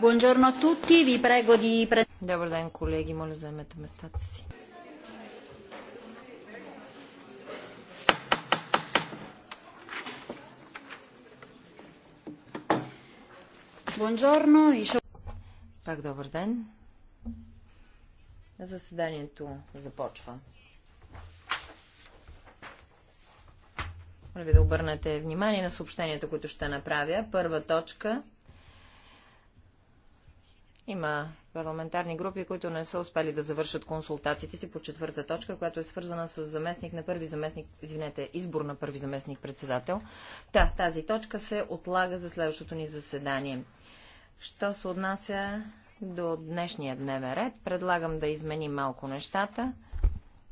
Buongiorno a tutti, vi prego di... Добър ден, колеги, моля заемете местата си. Buongiorno Пак добър ден. Заседанието започва. Моля ви да обърнете внимание на съобщенията, които ще направя. Първа точка – има парламентарни групи, които не са успели да завършат консултациите си по четвърта точка, която е свързана с заместник на първи заместник, извинете, избор на първи заместник председател. Та, тази точка се отлага за следващото ни заседание. Що се отнася до днешния дневен ред, предлагам да изменим малко нещата.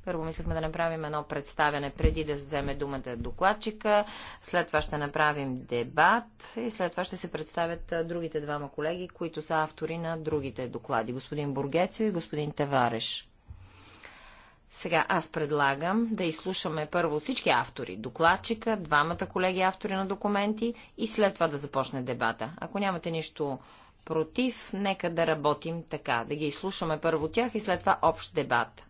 Първо мислехме да направим едно представяне преди да вземе думата докладчика, след това ще направим дебат и след това ще се представят другите двама колеги, които са автори на другите доклади. Господин Бургецио и господин Тевареш. Сега аз предлагам да изслушаме първо всички автори, докладчика, двамата колеги автори на документи и след това да започне дебата. Ако нямате нищо против, нека да работим така, да ги изслушаме първо тях и след това общ дебат.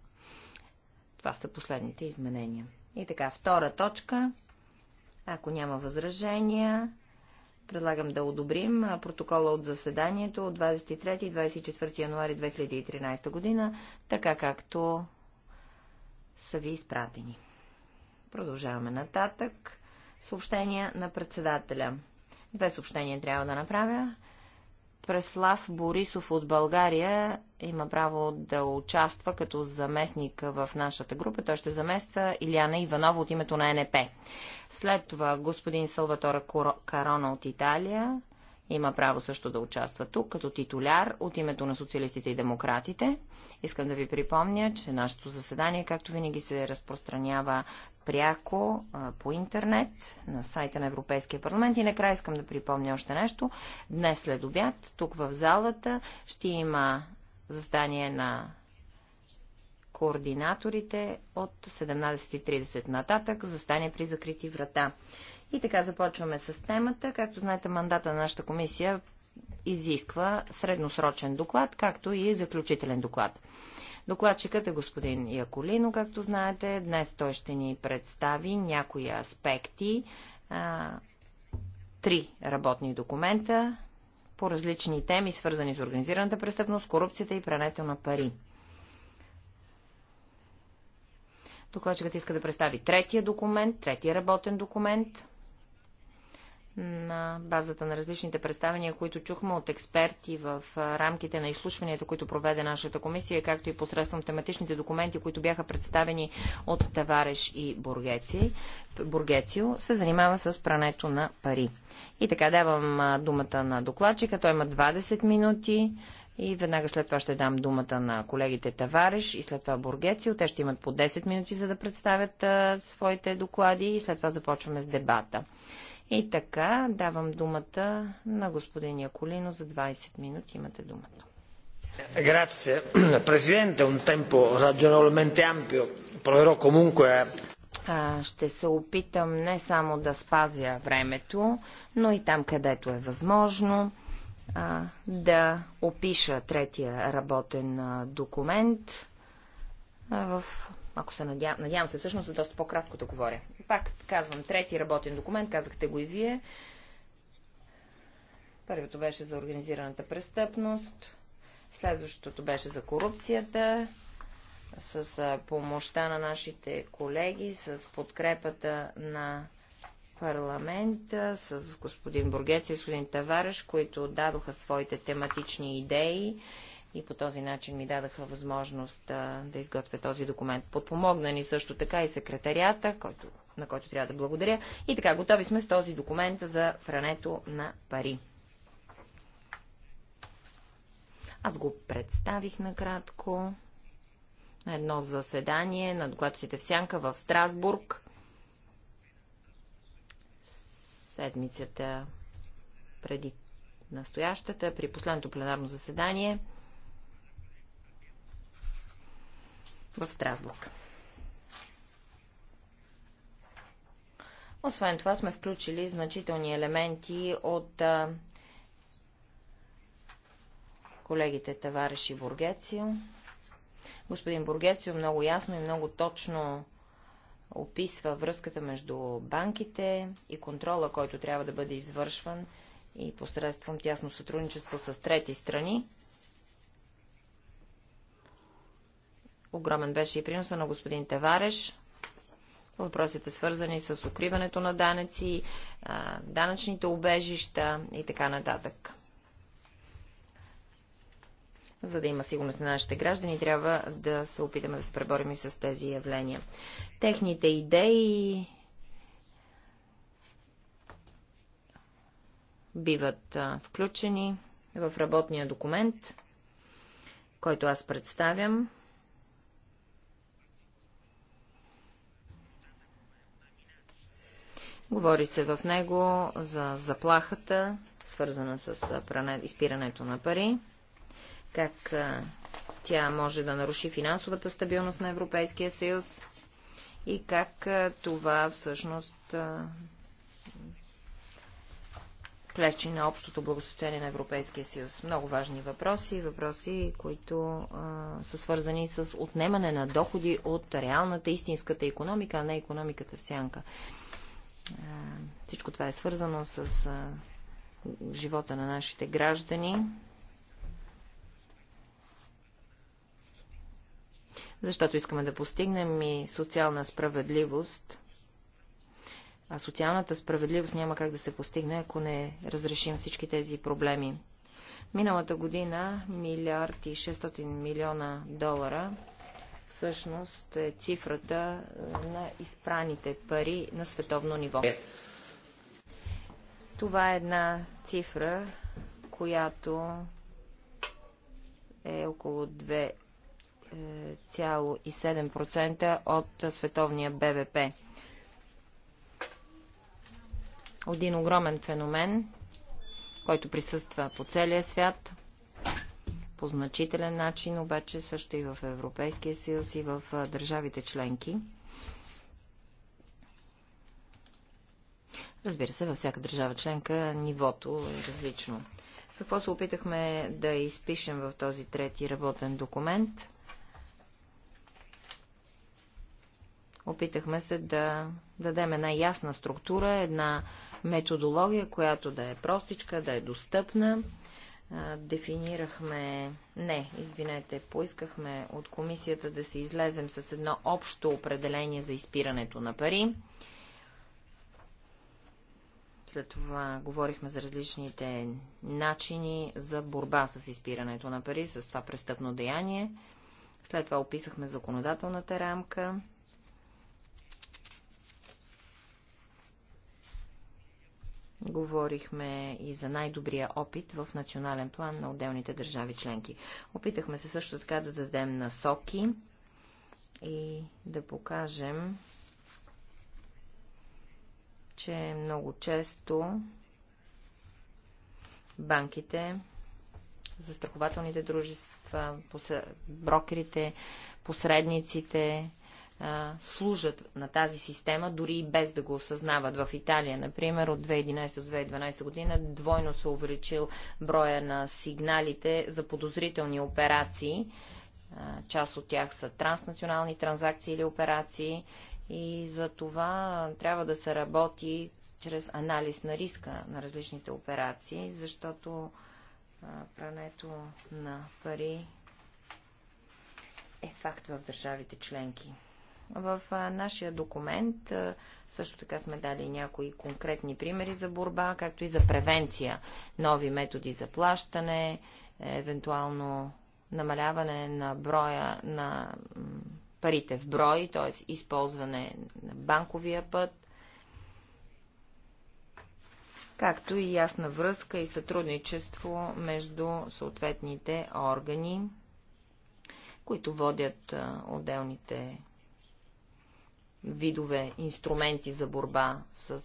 Това са последните изменения. И така, втора точка. Ако няма възражения, предлагам да одобрим протокола от заседанието от 23 и 24 януари 2013 година, така както са ви изпратени. Продължаваме нататък. Съобщения на председателя. Две съобщения трябва да направя. Преслав Борисов от България има право да участва като заместник в нашата група. Той ще замества Иляна Иванова от името на НП. След това господин Салватора Карона от Италия, има право също да участва тук като титуляр от името на социалистите и демократите. Искам да ви припомня, че нашето заседание, както винаги, се разпространява пряко по интернет на сайта на Европейския парламент. И накрая искам да припомня още нещо. Днес след обяд, тук в залата, ще има заседание на координаторите от 17.30 нататък, застане при закрити врата. И така започваме с темата. Както знаете, мандата на нашата комисия изисква средносрочен доклад, както и заключителен доклад. Докладчикът е господин Яколино, както знаете. Днес той ще ни представи някои аспекти. А, три работни документа по различни теми, свързани с организираната престъпност, корупцията и прането на пари. Докладчикът иска да представи третия документ, третия работен документ на базата на различните представения, които чухме от експерти в рамките на изслушванията, които проведе нашата комисия, както и посредством тематичните документи, които бяха представени от Тавареш и Бургеци, Бургецио, се занимава с прането на пари. И така давам думата на докладчика. Той има 20 минути. И веднага след това ще дам думата на колегите Тавареш и след това Бургецио. Те ще имат по 10 минути, за да представят а, своите доклади и след това започваме с дебата. И така, давам думата на господин Яколино за 20 минути. Имате думата. Грация. Presidente, un tempo ragionevolmente ampio, Проверо comunque ще се опитам не само да спазя времето, но и там, където е възможно, да опиша третия работен документ в ако се надявам, надявам се всъщност за доста по-кратко да говоря. Пак казвам, трети работен документ, казахте го и вие. Първото беше за организираната престъпност, следващото беше за корупцията, с помощта на нашите колеги, с подкрепата на парламента, с господин Бургец и господин Тавареш, които дадоха своите тематични идеи и по този начин ми дадаха възможност а, да изготвя този документ. Подпомогна ни също така и секретарията, който, на който трябва да благодаря. И така, готови сме с този документ за прането на пари. Аз го представих накратко на едно заседание на докладчите в Сянка в Страсбург. Седмицата преди настоящата, при последното пленарно заседание – в Страсбург. Освен това сме включили значителни елементи от а, колегите Тавареш и Бургецио. Господин Бургецио много ясно и много точно описва връзката между банките и контрола, който трябва да бъде извършван и посредством тясно сътрудничество с трети страни. Огромен беше и приноса на господин Тевареш. Въпросите свързани с укриването на данъци, данъчните обежища и така нататък. За да има сигурност на нашите граждани, трябва да се опитаме да се преборим и с тези явления. Техните идеи биват включени в работния документ, който аз представям. Говори се в него за заплахата, свързана с изпирането на пари, как тя може да наруши финансовата стабилност на Европейския съюз и как това всъщност плечи на общото благосостояние на Европейския съюз. Много важни въпроси, въпроси, които а, са свързани с отнемане на доходи от реалната, истинската економика, а не економиката в сянка. Всичко това е свързано с живота на нашите граждани. Защото искаме да постигнем и социална справедливост. А социалната справедливост няма как да се постигне, ако не разрешим всички тези проблеми. Миналата година милиард и 600 милиона долара всъщност е цифрата е, на изпраните пари на световно ниво. Е. Това е една цифра, която е около 2,7% е, от световния БВП. Един огромен феномен, който присъства по целия свят по значителен начин, обаче също и в Европейския съюз и в държавите членки. Разбира се, във всяка държава членка нивото е различно. Какво се опитахме да изпишем в този трети работен документ? Опитахме се да дадем една ясна структура, една методология, която да е простичка, да е достъпна дефинирахме, не, извинете, поискахме от комисията да се излезем с едно общо определение за изпирането на пари. След това говорихме за различните начини за борба с изпирането на пари, с това престъпно деяние. След това описахме законодателната рамка, Говорихме и за най-добрия опит в национален план на отделните държави членки. Опитахме се също така да дадем насоки и да покажем, че много често банките, застрахователните дружества, брокерите, посредниците, а, служат на тази система, дори и без да го осъзнават. В Италия, например, от 2011 до 2012 година двойно се увеличил броя на сигналите за подозрителни операции. А, част от тях са транснационални транзакции или операции и за това трябва да се работи чрез анализ на риска на различните операции, защото прането на пари е факт в държавите членки. В нашия документ също така сме дали някои конкретни примери за борба, както и за превенция. Нови методи за плащане, евентуално намаляване на броя на парите в брой, т.е. използване на банковия път, както и ясна връзка и сътрудничество между съответните органи, които водят отделните видове инструменти за борба с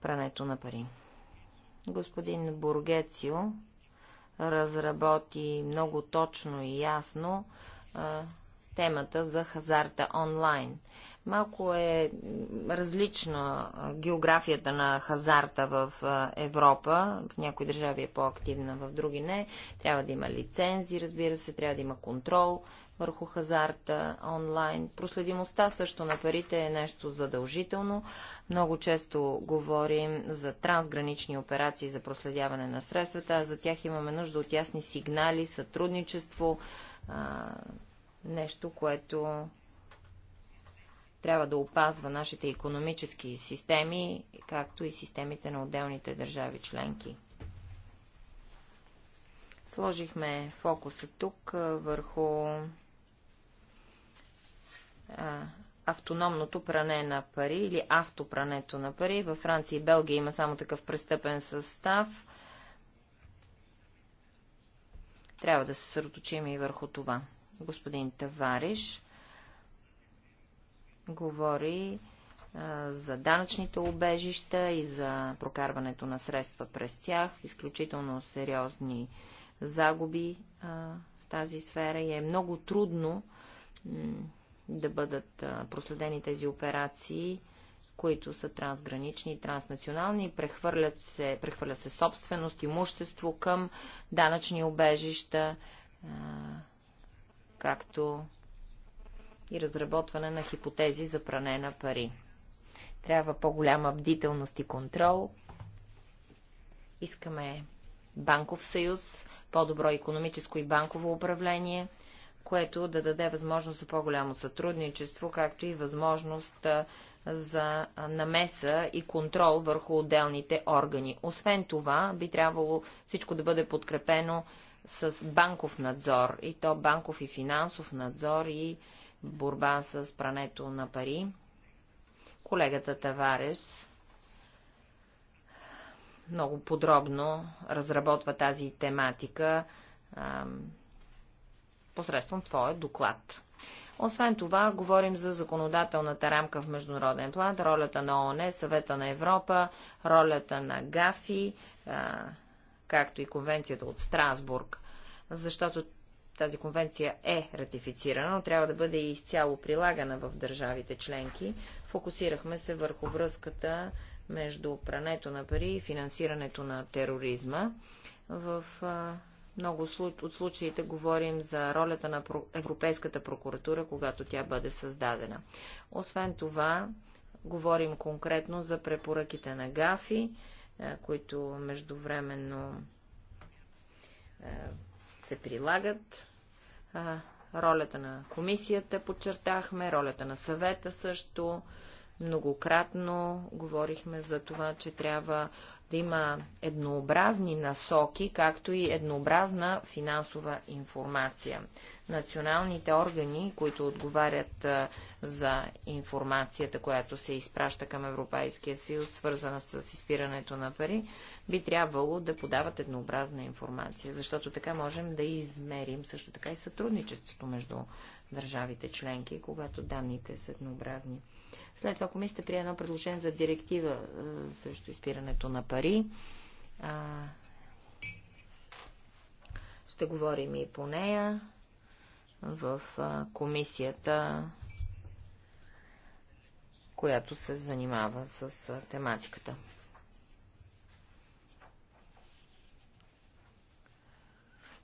прането на пари. Господин Бургецио разработи много точно и ясно а, темата за хазарта онлайн. Малко е различна географията на хазарта в Европа. В някои държави е по-активна, в други не. Трябва да има лицензи, разбира се, трябва да има контрол върху хазарта онлайн. Проследимостта също на парите е нещо задължително. Много често говорим за трансгранични операции за проследяване на средствата, а за тях имаме нужда от ясни сигнали, сътрудничество, нещо, което трябва да опазва нашите економически системи, както и системите на отделните държави членки. Сложихме фокуса тук върху автономното пране на пари или автопрането на пари. Във Франция и Белгия има само такъв престъпен състав. Трябва да се съроточим и върху това. Господин Тавариш говори а, за данъчните обежища и за прокарването на средства през тях. Изключително сериозни загуби а, в тази сфера и е много трудно да бъдат проследени тези операции, които са трансгранични, транснационални, прехвърлят се, прехвърля се собственост, имущество към данъчни обежища, както и разработване на хипотези за пране на пари. Трябва по-голяма бдителност и контрол. Искаме банков съюз, по-добро економическо и банково управление – което да даде възможност за по-голямо сътрудничество, както и възможност за намеса и контрол върху отделните органи. Освен това, би трябвало всичко да бъде подкрепено с банков надзор, и то банков и финансов надзор и борба с прането на пари. Колегата Таварес много подробно разработва тази тематика посредством твоя доклад. Освен това, говорим за законодателната рамка в международен план, ролята на ООН, Съвета на Европа, ролята на ГАФИ, както и конвенцията от Страсбург, защото тази конвенция е ратифицирана, но трябва да бъде и изцяло прилагана в държавите членки. Фокусирахме се върху връзката между прането на пари и финансирането на тероризма. В много от случаите говорим за ролята на Европейската прокуратура, когато тя бъде създадена. Освен това, говорим конкретно за препоръките на ГАФИ, е, които междувременно е, се прилагат. Ролята на комисията подчертахме, ролята на съвета също. Многократно говорихме за това, че трябва да има еднообразни насоки, както и еднообразна финансова информация. Националните органи, които отговарят за информацията, която се изпраща към Европейския съюз, свързана с изпирането на пари, би трябвало да подават еднообразна информация, защото така можем да измерим също така и сътрудничеството между държавите членки, когато данните са еднообразни. След това комисията прие едно предложение за директива а, е, срещу изпирането на пари. А, ще говорим и по нея в а, комисията, която се занимава с а, тематиката.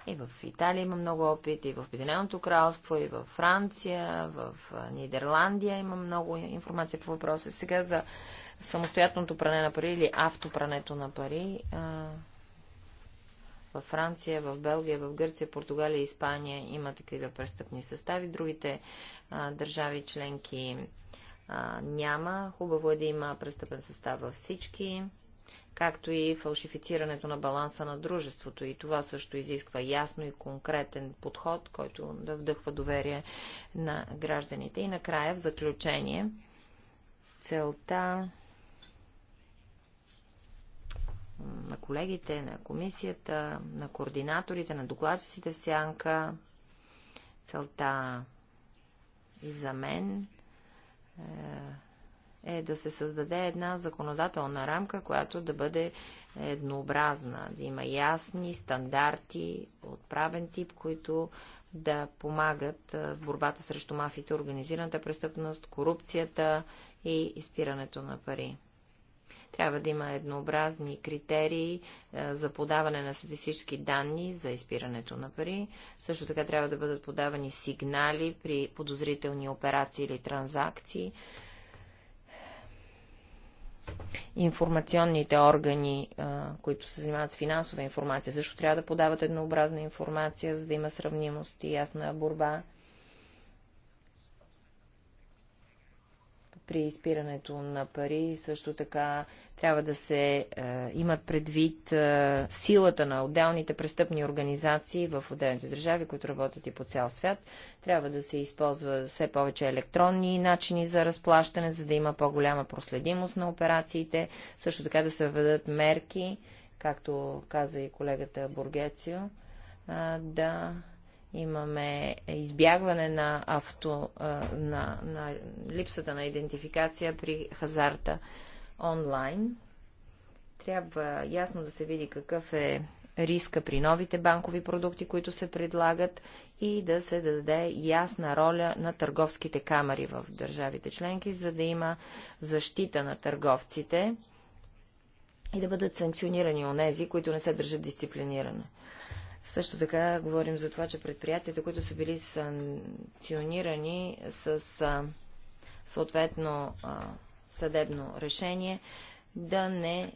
И в Италия има много опит, и в Обединеното кралство, и в Франция, в Нидерландия има много информация по въпроса. Сега за самостоятелното пране на пари или автопрането на пари В Франция, в Белгия, в Гърция, Португалия, Испания има такива престъпни състави. Другите а, държави членки а, няма. Хубаво е да има престъпен състав във всички както и фалшифицирането на баланса на дружеството. И това също изисква ясно и конкретен подход, който да вдъхва доверие на гражданите. И накрая, в заключение, целта на колегите, на комисията, на координаторите, на докладчиците в Сянка, целта и за мен е, е да се създаде една законодателна рамка, която да бъде еднообразна, да има ясни стандарти от правен тип, които да помагат в борбата срещу мафиите, организираната престъпност, корупцията и изпирането на пари. Трябва да има еднообразни критерии за подаване на статистически данни за изпирането на пари. Също така трябва да бъдат подавани сигнали при подозрителни операции или транзакции информационните органи, които се занимават с финансова информация, също трябва да подават еднообразна информация, за да има сравнимост и ясна борба при изпирането на пари. Също така трябва да се е, имат предвид е, силата на отделните престъпни организации в отделните държави, които работят и по цял свят. Трябва да се използва все повече електронни начини за разплащане, за да има по-голяма проследимост на операциите. Също така да се введат мерки, както каза и колегата Бургецио, е, да Имаме избягване на авто, на, на липсата на идентификация при хазарта онлайн. Трябва ясно да се види какъв е риска при новите банкови продукти, които се предлагат и да се даде ясна роля на търговските камери в държавите членки, за да има защита на търговците и да бъдат санкционирани онези, които не се държат дисциплинирано. Също така говорим за това, че предприятията, които са били санкционирани с съответно съдебно решение, да не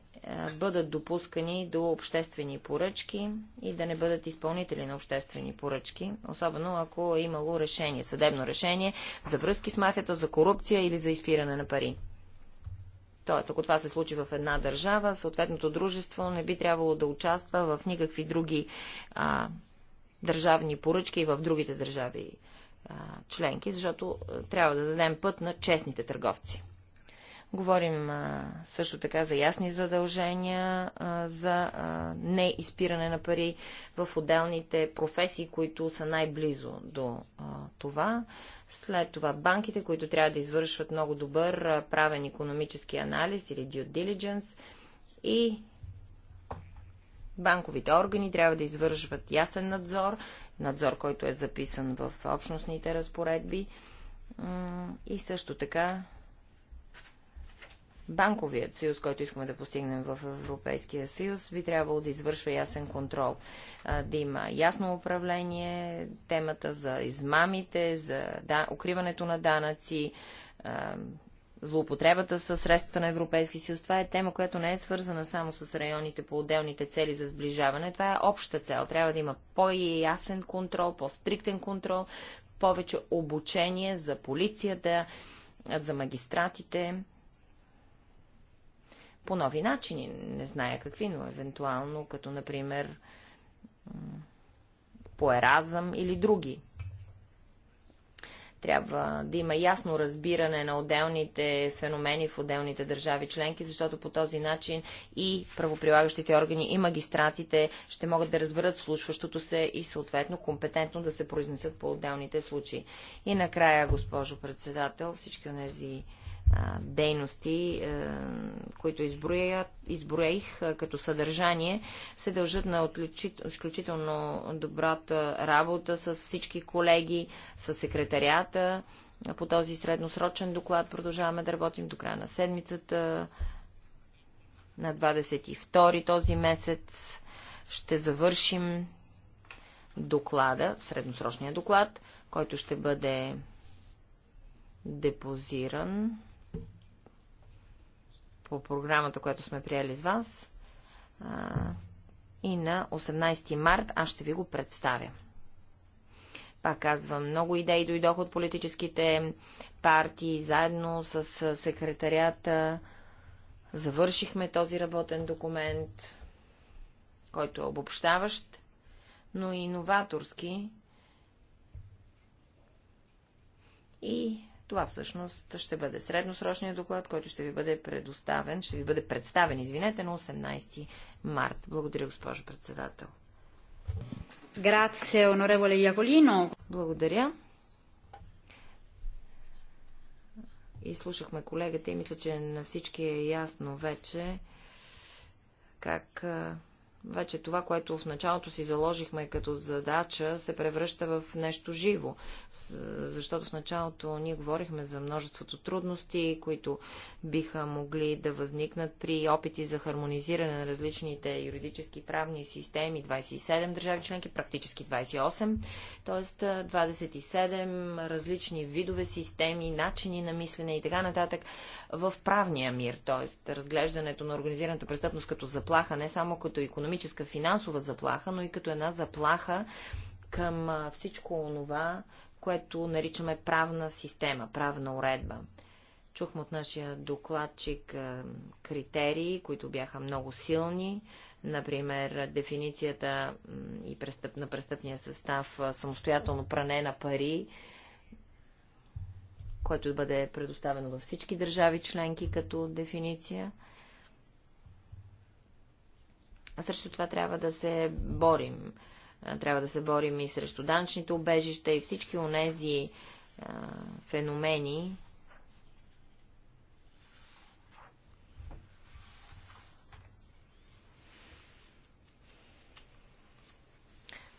бъдат допускани до обществени поръчки и да не бъдат изпълнители на обществени поръчки, особено ако е имало решение, съдебно решение за връзки с мафията, за корупция или за изпиране на пари. Тоест, ако това се случи в една държава, съответното дружество не би трябвало да участва в никакви други а, държавни поръчки и в другите държави а, членки, защото трябва да дадем път на честните търговци. Говорим също така за ясни задължения, за а, неизпиране на пари в отделните професии, които са най-близо до това. След това банките, които трябва да извършват много добър правен економически анализ или due diligence и банковите органи трябва да извършват ясен надзор, надзор, който е записан в общностните разпоредби и също така банковият съюз, който искаме да постигнем в Европейския съюз, би трябвало да извършва ясен контрол, да има ясно управление, темата за измамите, за да, укриването на данъци, злоупотребата с средства на Европейския съюз. Това е тема, която не е свързана само с районите по отделните цели за сближаване. Това е обща цел. Трябва да има по-ясен контрол, по-стриктен контрол, повече обучение за полицията, за магистратите по нови начини, не зная какви, но евентуално, като например по еразъм или други. Трябва да има ясно разбиране на отделните феномени в отделните държави членки, защото по този начин и правоприлагащите органи, и магистратите ще могат да разберат случващото се и съответно компетентно да се произнесат по отделните случаи. И накрая, госпожо председател, всички от тези дейности, които изброих като съдържание, се дължат на изключително добрата работа с всички колеги, с секретарията. По този средносрочен доклад продължаваме да работим до края на седмицата. На 22 този месец ще завършим доклада, средносрочния доклад, който ще бъде депозиран по програмата, която сме приели с вас. И на 18 март аз ще ви го представя. Пак казвам, много идеи дойдоха от политическите партии, заедно с секретарията. Завършихме този работен документ, който е обобщаващ, но и иноваторски. И това всъщност ще бъде средносрочният доклад, който ще ви бъде предоставен, ще ви бъде представен, извинете, на 18 март. Благодаря, госпожо председател. Грация, онореволе Яколино. Благодаря. И слушахме колегата и мисля, че на всички е ясно вече как вече това, което в началото си заложихме като задача, се превръща в нещо живо. Защото в началото ние говорихме за множеството трудности, които биха могли да възникнат при опити за хармонизиране на различните юридически правни системи, 27 държави членки, практически 28, т.е. 27 различни видове системи, начини на мислене и така нататък в правния мир, т.е. разглеждането на организираната престъпност като заплаха, не само като економическа, економическа, финансова заплаха, но и като една заплаха към всичко онова, което наричаме правна система, правна уредба. Чухме от нашия докладчик критерии, които бяха много силни, например дефиницията и престъп, на престъпния състав самостоятелно пране на пари, който да бъде предоставено във всички държави членки като дефиниция. А срещу това трябва да се борим. Трябва да се борим и срещу данчните убежища и всички онези а, феномени,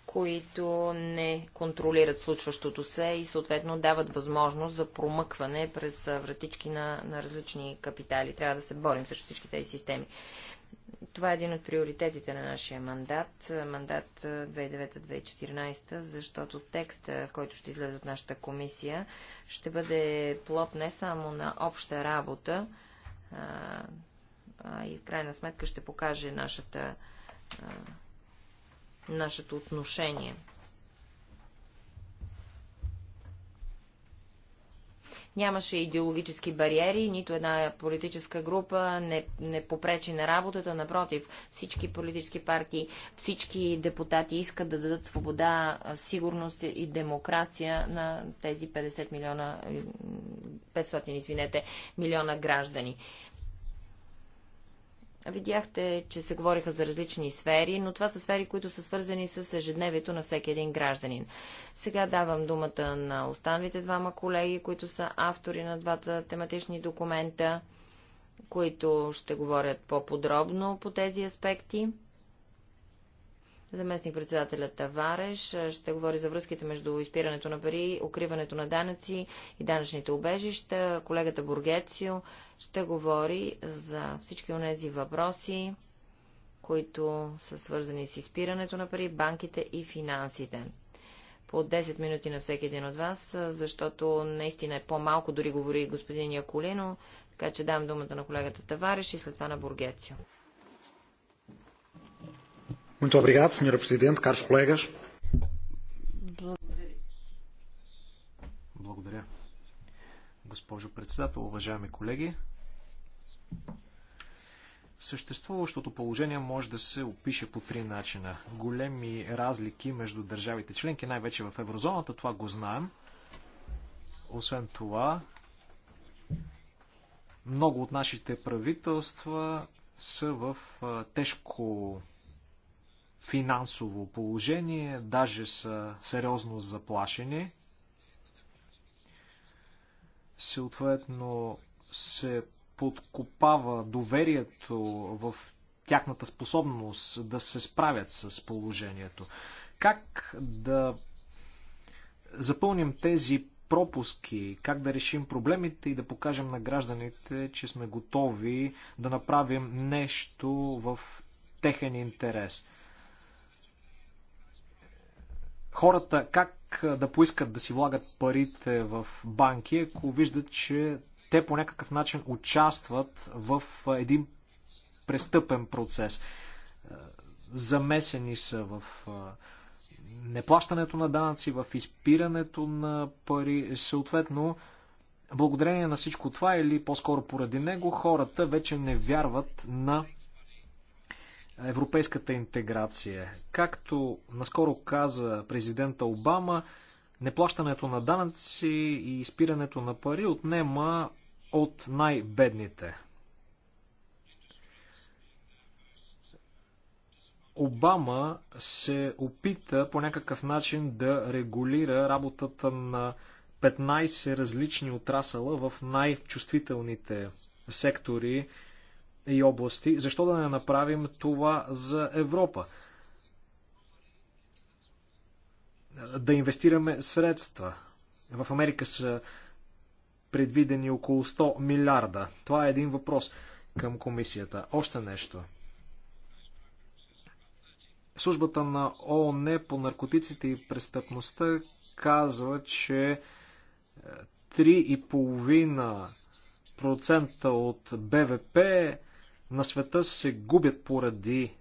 които не контролират случващото се и съответно дават възможност за промъкване през вратички на, на различни капитали. Трябва да се борим срещу всички тези системи. Това е един от приоритетите на нашия мандат, мандат 2009-2014, защото текста, който ще излезе от нашата комисия, ще бъде плод не само на обща работа, а, и в крайна сметка ще покаже нашата, нашето отношение Нямаше идеологически бариери, нито една политическа група не, не попречи на работата. Напротив, всички политически партии, всички депутати искат да дадат свобода, сигурност и демокрация на тези 50 милиона, 500, извинете, милиона граждани. Видяхте, че се говориха за различни сфери, но това са сфери, които са свързани с ежедневието на всеки един гражданин. Сега давам думата на останалите двама колеги, които са автори на двата тематични документа, които ще говорят по-подробно по тези аспекти. Заместник председателя Тавареш ще говори за връзките между изпирането на пари, укриването на данъци и данъчните убежища. Колегата Бургецио ще говори за всички онези въпроси, които са свързани с изпирането на пари, банките и финансите. По 10 минути на всеки един от вас, защото наистина е по-малко, дори говори господин Яколино, така че дам думата на колегата Тавариш и след това на Бургецио. Много obrigado, сеньор президент, карш колегаш. Благодаря. Благодаря. Госпожо председател, уважаеми колеги, Съществуващото положение може да се опише по три начина. Големи разлики между държавите членки, най-вече в еврозоната, това го знаем. Освен това, много от нашите правителства са в тежко финансово положение, даже са сериозно заплашени. Съответно се подкопава доверието в тяхната способност да се справят с положението. Как да запълним тези пропуски, как да решим проблемите и да покажем на гражданите, че сме готови да направим нещо в техен интерес. Хората как да поискат да си влагат парите в банки, ако виждат, че те по някакъв начин участват в един престъпен процес. Е, замесени са в неплащането на данъци, в изпирането на пари. Съответно, благодарение на всичко това или по-скоро поради него, хората вече не вярват на европейската интеграция. Както наскоро каза президента Обама, неплащането на данъци и изпирането на пари отнема от най-бедните. Обама се опита по някакъв начин да регулира работата на 15 различни отрасъла в най-чувствителните сектори и области. Защо да не направим това за Европа? Да инвестираме средства. В Америка са предвидени около 100 милиарда. Това е един въпрос към комисията. Още нещо. Службата на ООН по наркотиците и престъпността казва, че 3,5% е, от БВП на света се губят поради е,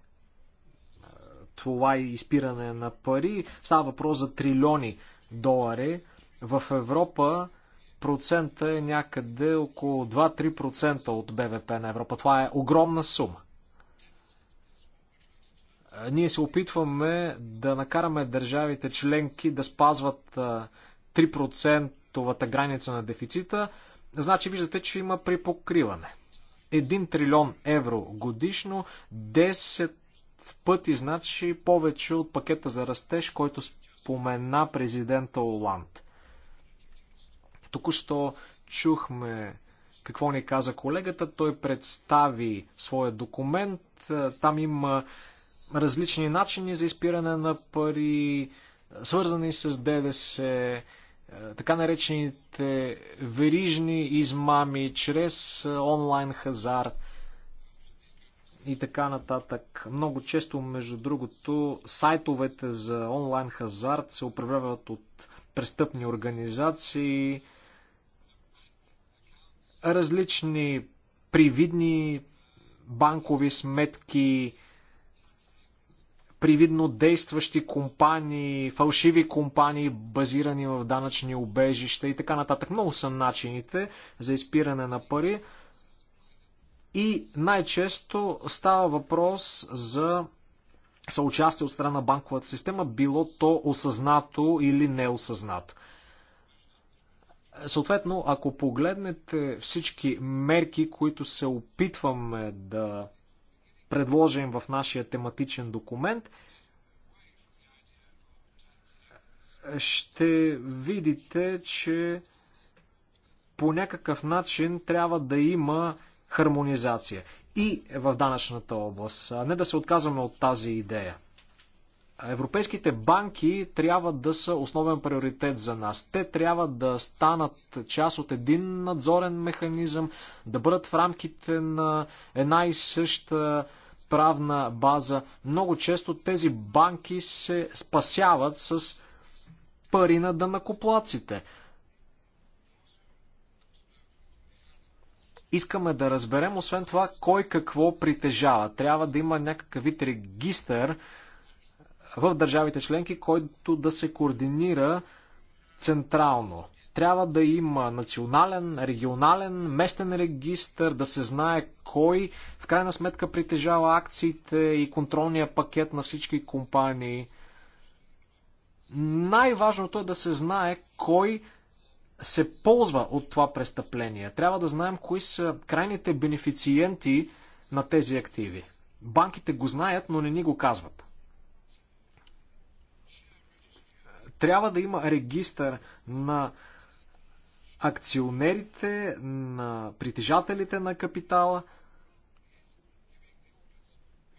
това изпиране на пари. Става въпрос за трилиони долари. В Европа процента е някъде около 2-3% от БВП на Европа. Това е огромна сума. Ние се опитваме да накараме държавите членки да спазват 3%-овата граница на дефицита. Значи виждате, че има припокриване. 1 трилион евро годишно, 10 пъти значи повече от пакета за растеж, който спомена президента Оланд. Току-що чухме какво ни каза колегата. Той представи своя документ. Е, там има различни начини за изпиране на пари, е, свързани с ДДС, е, така наречените верижни измами чрез онлайн хазарт и така нататък. Много често, между другото, сайтовете за онлайн хазарт се управляват от престъпни организации, различни привидни банкови сметки, привидно действащи компании, фалшиви компании, базирани в данъчни убежища и така нататък. Много са начините за изпиране на пари. И най-често става въпрос за съучастие от страна на банковата система, било то осъзнато или неосъзнато. Съответно, ако погледнете всички мерки, които се опитваме да предложим в нашия тематичен документ, ще видите, че по някакъв начин трябва да има хармонизация и в данъчната област, не да се отказваме от тази идея. Европейските банки трябва да са основен приоритет за нас. Те трябва да станат част от един надзорен механизъм, да бъдат в рамките на една и съща правна база. Много често тези банки се спасяват с пари на дънакоплаците. Искаме да разберем, освен това, кой какво притежава. Трябва да има някакъв вид регистър, в държавите членки, който да се координира централно. Трябва да има национален, регионален, местен регистр, да се знае кой в крайна сметка притежава акциите и контролния пакет на всички компании. Най-важното е да се знае кой се ползва от това престъпление. Трябва да знаем кои са крайните бенефициенти на тези активи. Банките го знаят, но не ни го казват. Трябва да има регистър на акционерите, на притежателите на капитала.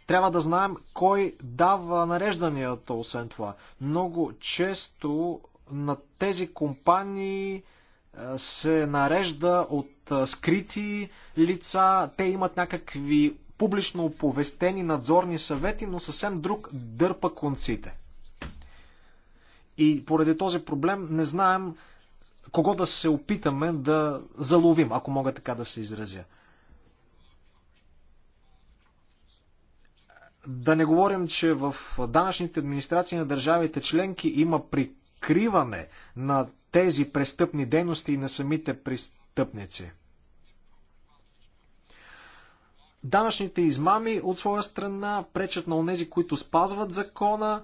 Трябва да знаем кой дава нарежданията, освен това. Много често на тези компании е, се нарежда от е, скрити лица. Те имат някакви публично оповестени надзорни съвети, но съвсем друг дърпа конците. И поради този проблем не знаем кого да се опитаме да заловим, ако мога така да се изразя. Да не говорим, че в данъчните администрации на държавите членки има прикриване на тези престъпни дейности и на самите престъпници. Данъчните измами от своя страна пречат на онези, които спазват закона,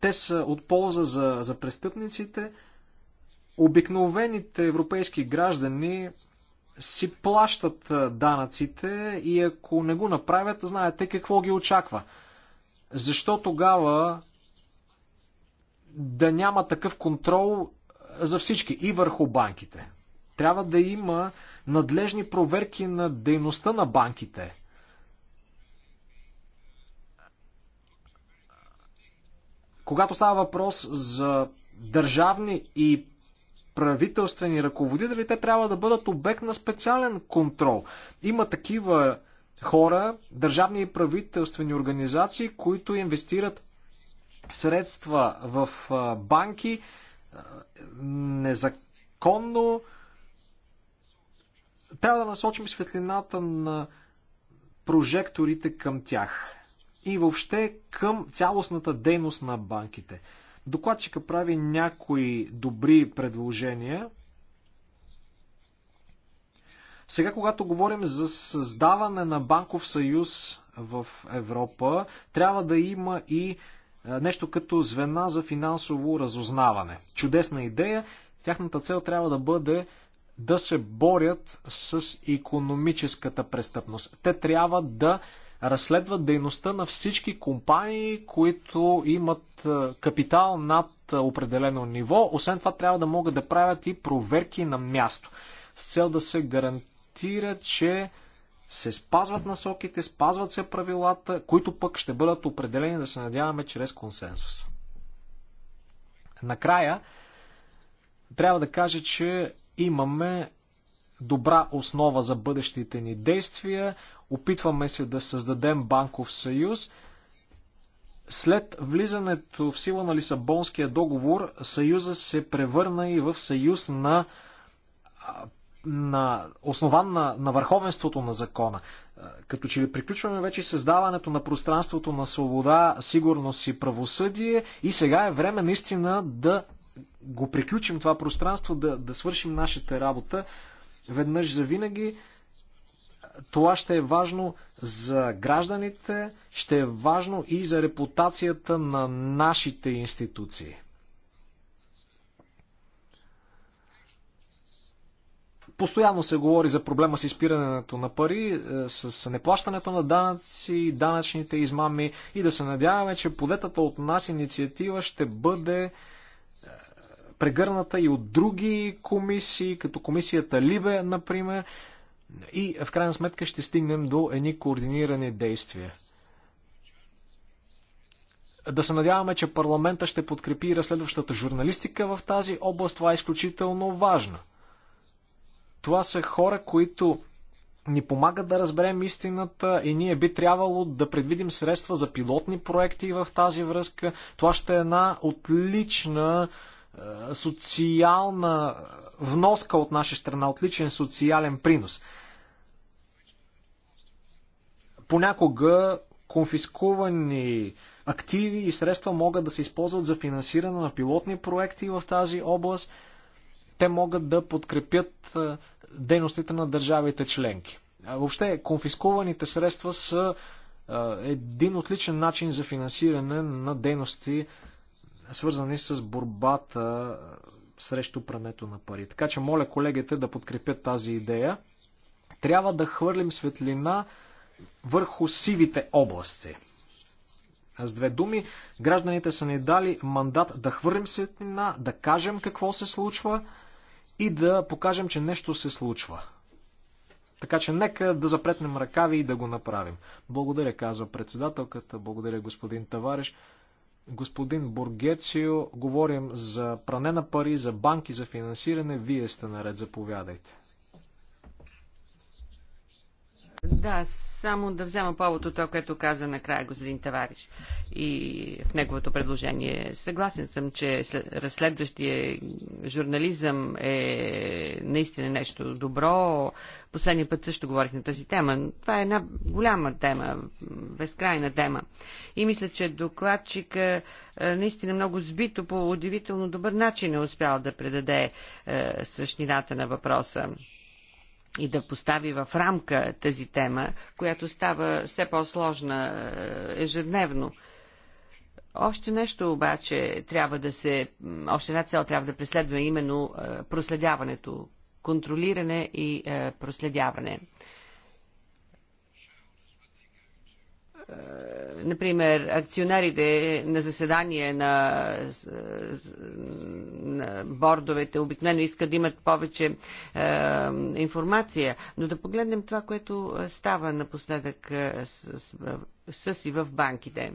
те са от полза за, за престъпниците. Обикновените европейски граждани си плащат данъците и ако не го направят, знаете какво ги очаква. Защо тогава да няма такъв контрол за всички и върху банките? Трябва да има надлежни проверки на дейността на банките. Когато става въпрос за държавни и правителствени ръководители, те трябва да бъдат обект на специален контрол. Има такива хора, държавни и правителствени организации, които инвестират средства в банки незаконно. Трябва да насочим светлината на прожекторите към тях и въобще към цялостната дейност на банките. Докладчика прави някои добри предложения. Сега, когато говорим за създаване на банков съюз в Европа, трябва да има и е, нещо като звена за финансово разузнаване. Чудесна идея. Тяхната цел трябва да бъде да се борят с економическата престъпност. Те трябва да разследват дейността на всички компании, които имат е, капитал над е, определено ниво. Освен това трябва да могат да правят и проверки на място с цел да се гарантира, че се спазват насоките, спазват се правилата, които пък ще бъдат определени, да се надяваме, чрез консенсус. Накрая, трябва да кажа, че имаме добра основа за бъдещите ни действия. Опитваме се да създадем банков съюз. След влизането в сила на Лисабонския договор, съюза се превърна и в съюз на, на основан на, на върховенството на закона. Като че ли приключваме вече създаването на пространството на свобода, сигурност и правосъдие и сега е време наистина да го приключим това пространство, да, да свършим нашата работа веднъж за винаги. Това ще е важно за гражданите, ще е важно и за репутацията на нашите институции. Постоянно се говори за проблема с изпирането на пари, е, с неплащането на данъци, данъчните измами и да се надяваме, че подетата от нас инициатива ще бъде е, прегърната и от други комисии, като комисията Либе, например. И в крайна сметка ще стигнем до едни координирани действия. Да се надяваме, че парламента ще подкрепи разследващата журналистика в тази област. Това е изключително важно. Това са хора, които ни помагат да разберем истината и ние би трябвало да предвидим средства за пилотни проекти в тази връзка. Това ще е една отлична е, социална вноска от наша страна, отличен социален принос. Понякога конфискувани активи и средства могат да се използват за финансиране на пилотни проекти в тази област. Те могат да подкрепят е, дейностите на държавите членки. Въобще, конфискуваните средства са е, един отличен начин за финансиране на дейности свързани с борбата срещу прането на пари. Така че моля колегите да подкрепят тази идея. Трябва да хвърлим светлина върху сивите области. С две думи, гражданите са ни дали мандат да хвърлим светлина, да кажем какво се случва и да покажем, че нещо се случва. Така че нека да запретнем ръкави и да го направим. Благодаря, казва председателката, благодаря господин Тавариш господин Бургецио. Говорим за пране на пари, за банки, за финансиране. Вие сте наред. Заповядайте. Да, само да взема повод от това, което каза накрая господин Тавариш и в неговото предложение. Съгласен съм, че разследващия журнализъм е наистина нещо добро. Последния път също говорих на тази тема. Това е една голяма тема, безкрайна тема. И мисля, че докладчика е, наистина много сбито по удивително добър начин е успял да предаде е, същината на въпроса и да постави в рамка тази тема, която става все по-сложна е, ежедневно. Още нещо обаче трябва да се, още една цел трябва да преследва именно е, проследяването, контролиране и е, проследяване. Е, например, акционерите на заседание на, на бордовете обикновено искат да имат повече е, информация. Но да погледнем това, което става напоследък е, с, с, с и в банките.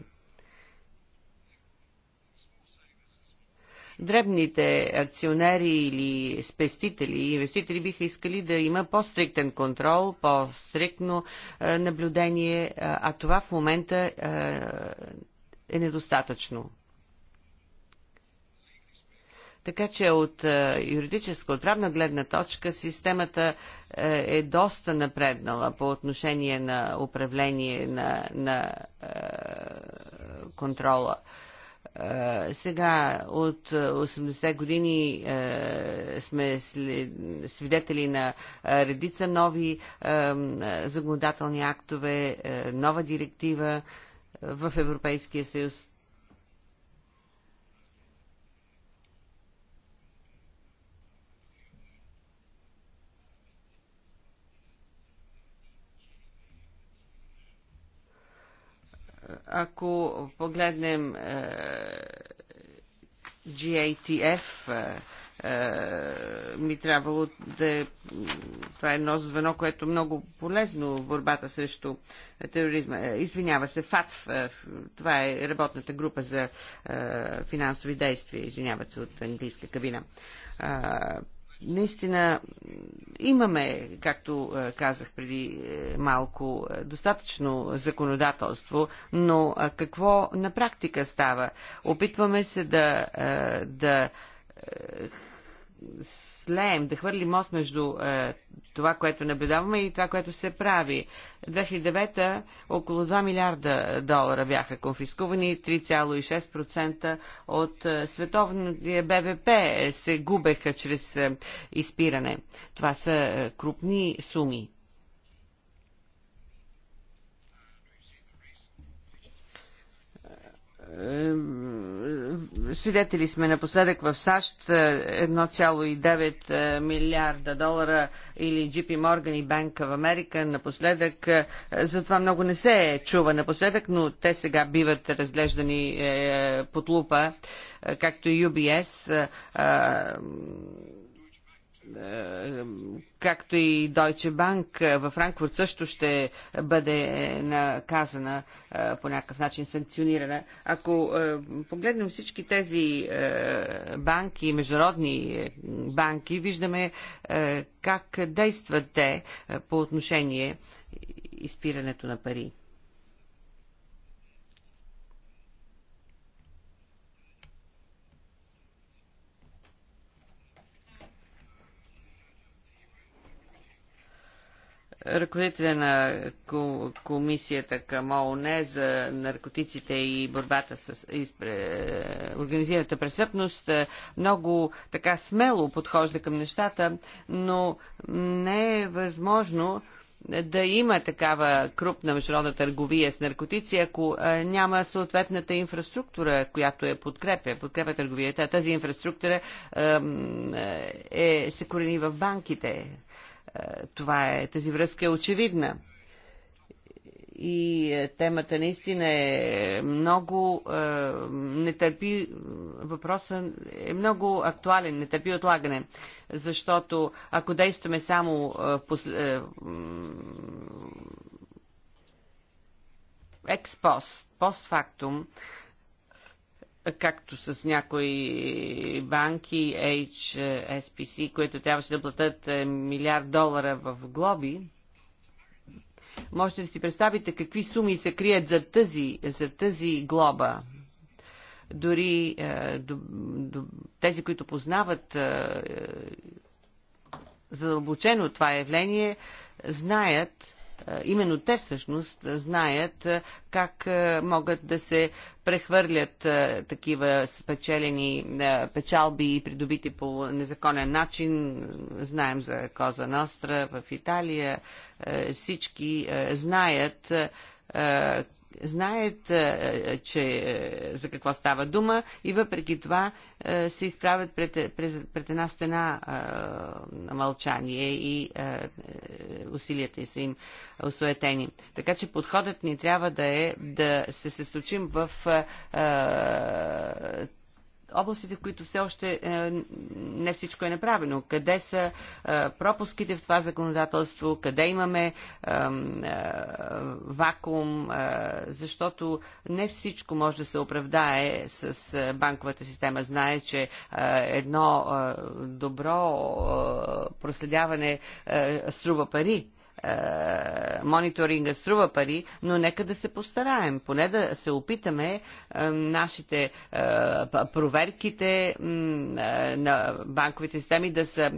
дребните акционери или спестители и инвеститори биха искали да има по-стриктен контрол, по-стриктно е, наблюдение, е, а това в момента е, е недостатъчно. Така че от юридическа, от правна гледна точка, системата е доста напреднала по отношение на управление на, на е, контрола. Е, сега от 80 години е, сме свидетели на редица нови е, законодателни актове, е, нова директива в Европейския съюз. Ако погледнем е, GATF, е, е, ми трябвало да е... Това е едно звено, което е много полезно в борбата срещу тероризма. Извинява се, ФАТФ, това е работната група за финансови действия, извиняват се от английска кабина. Наистина имаме, както е, казах преди е, малко, е, достатъчно законодателство, но какво на практика става? Опитваме се да, да слеем, да хвърли мост между е, това, което наблюдаваме и това, което се прави. 2009 около 2 милиарда долара бяха конфискувани, 3,6% от е, световния БВП се губеха чрез е, изпиране. Това са е, крупни суми. Е, свидетели сме напоследък в САЩ 1,9 е, е, милиарда долара или JP Morgan и Bank of America напоследък. Затова много не се чува напоследък, но те сега биват разглеждани под лупа, както и UBS както и Deutsche Bank във Франкфурт също ще бъде наказана по някакъв начин, санкционирана. Ако погледнем всички тези банки, международни е, банки, виждаме как действат те по отношение изпирането на пари. ръководителя на комисията към ООН за наркотиците и борбата с е, организираната престъпност е, много така смело подхожда към нещата, но не е възможно да има такава крупна международна търговия с наркотици, ако е, няма съответната инфраструктура, която е подкрепя, подкрепя търговията. Тази инфраструктура е, е, се корени в банките е, това е, тази връзка е очевидна. И е, темата наистина е много, е, не търпи, въпроса е много актуален, не търпи отлагане. Защото ако действаме само е, пос, е, експост, постфактум, е, както с някои банки, HSPC, които трябваше да платят е, милиард долара в глоби, можете да си представите какви суми се крият за тази, за тази глоба. Дори е, до, до, тези, които познават е, е задълбочено това явление, знаят, е, именно те всъщност знаят е, как е, могат да се прехвърлят такива спечелени печалби и придобити по незаконен начин. Знаем за Коза Ностра в Италия. Всички знаят знаят, е, е, че е, за какво става дума и въпреки това се изправят пред, пред, пред една стена на мълчание и усилията са им осуетени. Така че подходът ни трябва да е да се състочим в областите, в които все още е, не всичко е направено. Къде са е, пропуските в това законодателство, къде имаме е, е вакуум, е, защото не всичко може да се оправдае с е, банковата система. Знае, че едно добро проследяване струва пари е, мониторинга струва пари, но нека да се постараем, поне да се опитаме е, нашите е, проверките на банковите системи да са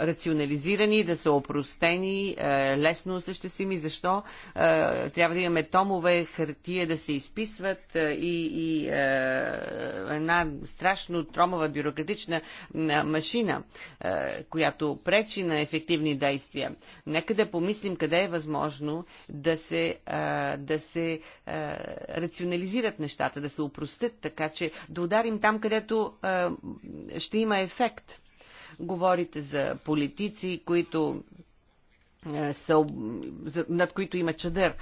рационализирани, да са опростени, лесно осъществими. Защо трябва да имаме томове, хартия да се изписват и, и една страшно тромова бюрократична машина, която пречи на ефективни действия. Нека да помислим къде е възможно да се, а, да се а, рационализират нещата, да се упростят, така че да ударим там, където а, ще има ефект. Говорите за политици, които са, над които има чадър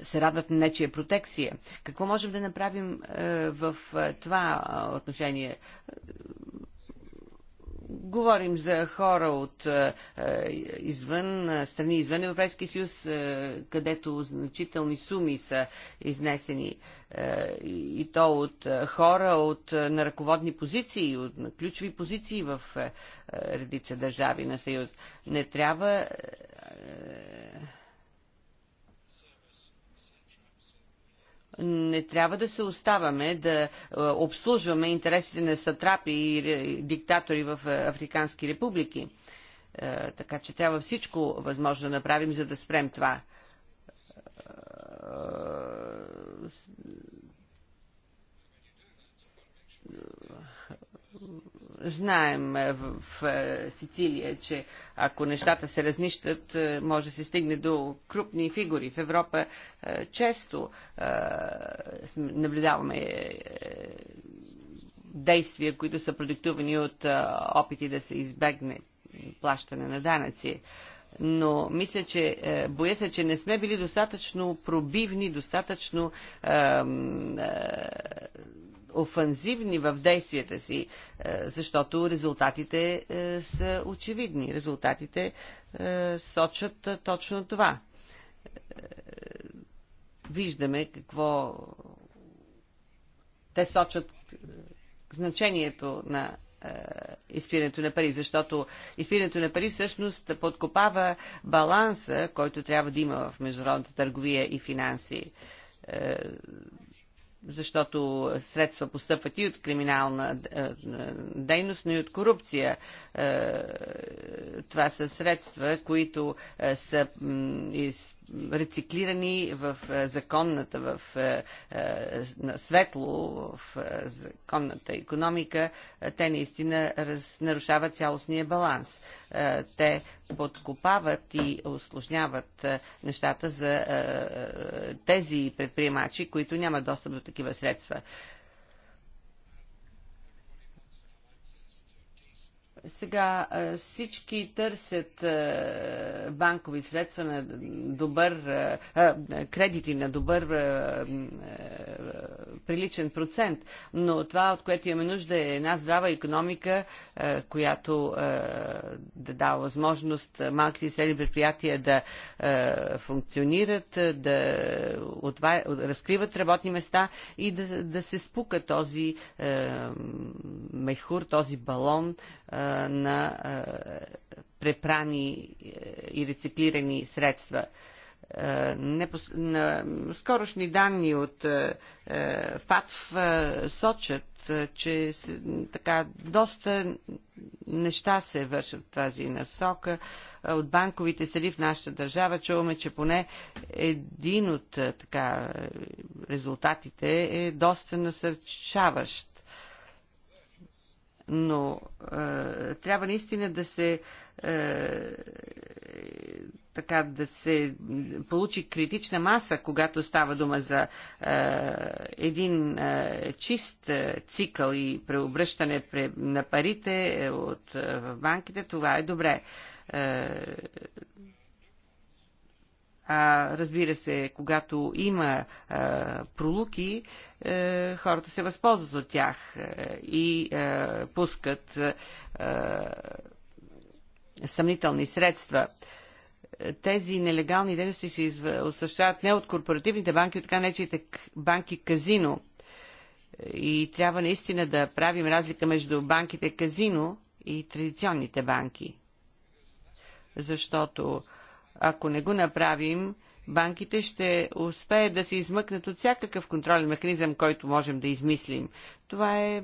се радват на нечия протекция. Какво можем да направим е, в е, това отношение? Говорим за хора от е, е, извън, е, страни извън Европейския съюз, където значителни суми са изнесени и то от хора от, на ръководни позиции, от, на ключови позиции в редица държави на съюз. Не трябва не трябва да се оставаме да е, обслужваме интересите на сатрапи и е, диктатори в е, африкански републики. Така че трябва всичко възможно да направим, за да спрем това. Знаем е, в е, Сицилия, че ако нещата се разнищат, е, може да се стигне до крупни фигури. В Европа често наблюдаваме действия, които са продиктувани от опити да се избегне плащане на данъци но мисля, че боя се, че не сме били достатъчно пробивни, достатъчно офанзивни в действията си, е, защото резултатите е, са очевидни. Резултатите е, сочат точно това. Виждаме какво те сочат значението на изпирането на пари, защото изпирането на пари всъщност подкопава баланса, който трябва да има в международната търговия и финанси защото средства постъпват и от криминална е, дейност, но и от корупция. Е, това са средства, които е, са из рециклирани в е, законната, в е, е, на светло, в законната економика, те наистина раз, нарушават цялостния баланс. Те подкопават и осложняват нещата за тези предприемачи, които нямат достъп до такива средства. Сега всички търсят банкови средства на добър кредити на добър приличен процент, но това, от което имаме нужда е една здрава економика, която да дава възможност малките и средни предприятия да функционират, да разкриват работни места и да, да се спука този мехур, този балон, на препрани е, и рециклирани средства. Е, скорошни данни от е, ФАТФ сочат, че така доста неща се вършат в тази насока. От банковите сели в нашата държава чуваме, че поне един от така, резултатите е доста насърчаващ но е, трябва наистина да се е, така да се получи критична маса, когато става дума за е, един е, чист е, цикъл и преобръщане пре, на парите е, от, е, в банките, това е добре. Е, а, разбира се, когато има а, пролуки, а, е, хората се възползват от тях е, и а, е, пускат а, съмнителни средства. Тези нелегални дейности се изв... не от корпоративните банки, от така наречените банки казино. И трябва наистина да правим разлика между банките казино и традиционните банки. Защото ако не го направим, банките ще успеят да се измъкнат от всякакъв контролен механизъм, който можем да измислим. Това е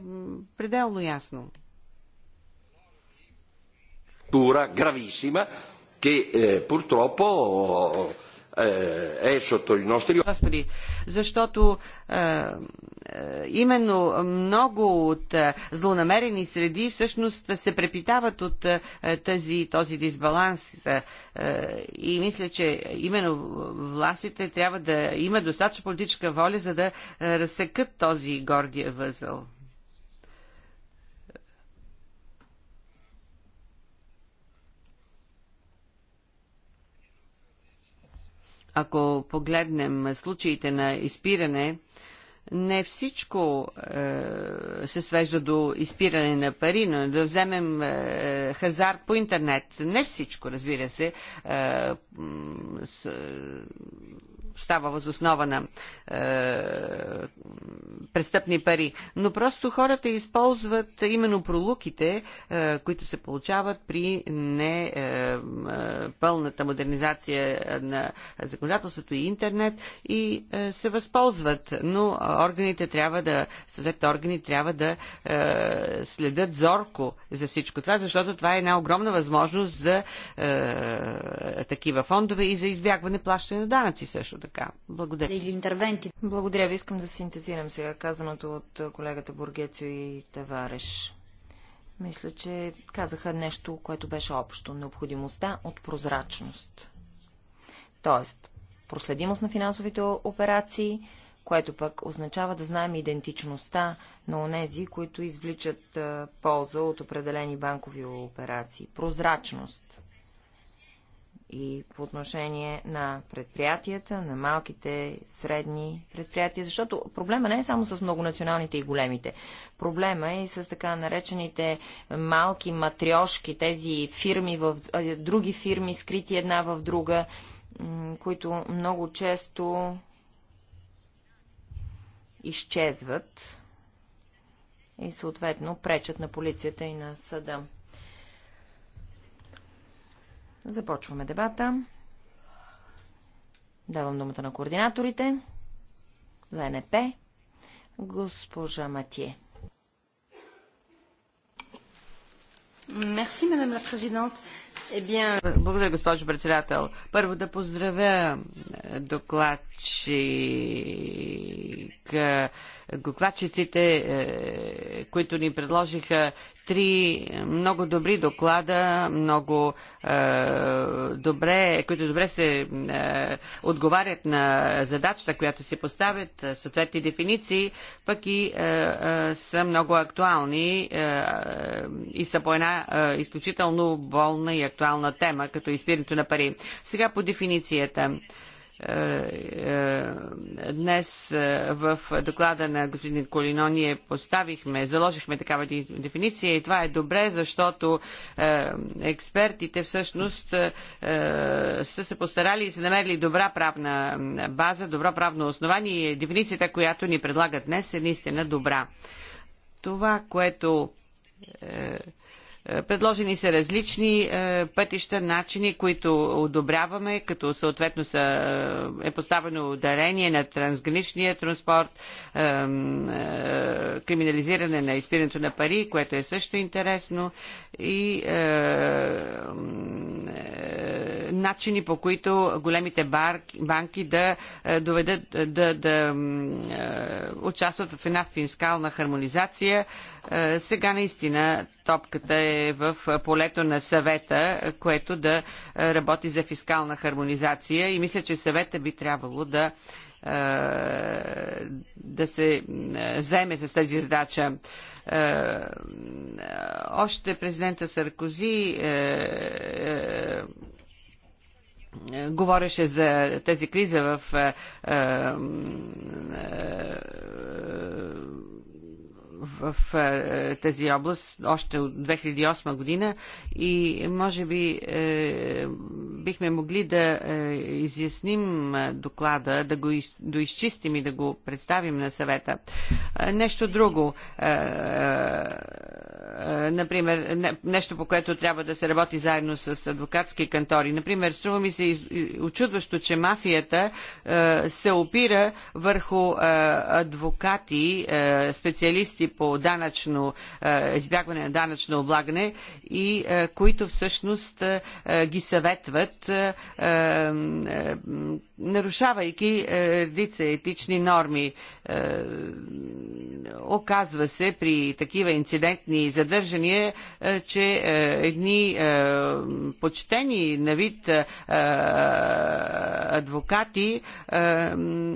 пределно ясно. Грависима, che purtroppo е, е сото е, е, Господи, защото е, е, именно много от злонамерени среди всъщност се препитават от тази, този дисбаланс е, и мисля, че именно властите трябва да имат достатъчно политическа воля, за да разсекат този гордия възел. Ако погледнем случаите на изпиране, не всичко е, се свежда до изпиране на пари, но да вземем е, хазарт по интернет, не всичко, разбира се, е, с, става възоснова на е, престъпни пари. Но просто хората използват именно пролуките, е, които се получават при не е, е, пълната модернизация на законодателството и интернет и е, се възползват. Но органите трябва да, съответните органи трябва да е, следят зорко за всичко това, защото това е една огромна възможност за е, такива фондове и за избягване плащане на данъци също така така. Благодаря. Благодаря ви. Искам да синтезирам сега казаното от колегата Бургецио и Тавареш. Мисля, че казаха нещо, което беше общо. Необходимостта от прозрачност. Тоест, проследимост на финансовите операции, което пък означава да знаем идентичността на онези, които извличат полза от определени банкови операции. Прозрачност и по отношение на предприятията, на малките, средни предприятия, защото проблема не е само с многонационалните и големите. Проблема е и с така наречените малки матриошки, тези фирми в други фирми, скрити една в друга, които много често изчезват и съответно пречат на полицията и на съда. Започваме дебата. Давам думата на координаторите. За НП. Госпожа Матие. Мерси, мадам ла президент. Е Благодаря, госпожо председател. Първо да поздравя е, докладчик, е, докладчиците, които ни предложиха три много добри доклада, много е, добре, които добре се е, отговарят на задачата, която се поставят, е, съответни дефиниции, пък и е, е, са много актуални е, е и са по една е, изключително болна и актуална тема, като изпирането на пари. Сега по дефиницията. Е, е, е, днес е, в доклада на господин Колино ние поставихме, заложихме такава дефиниция и това е добре, защото експертите всъщност са се постарали и са намерили добра правна база, добро правно основание и дефиницията, която ни предлагат днес е наистина добра. Това, което Предложени са различни е, пътища, начини, които одобряваме, като съответно са, е, е поставено ударение на трансграничния транспорт, е, криминализиране на изпирането на пари, което е също интересно, и начини по които големите банки да доведат, да, да участват в една фискална хармонизация. Сега наистина топката е в полето на съвета, което да работи за фискална хармонизация и мисля, че съвета би трябвало да е, да се е, заеме с тази задача. Е, още президента Саркози говореше за тази криза в в е, тази област още от 2008 година и може би е, бихме могли да е, изясним доклада, да го доизчистим и да го представим на съвета. Нещо друго, например, нещо по което трябва да се работи заедно с адвокатски кантори. Например, струва ми се очудващо, че мафията се опира върху адвокати, специалисти по данъчно, е, избягване на данъчно облагане и е, които всъщност е, ги съветват, нарушавайки редица етични норми. Оказва се при такива инцидентни задържания, че едни почтени на вид адвокати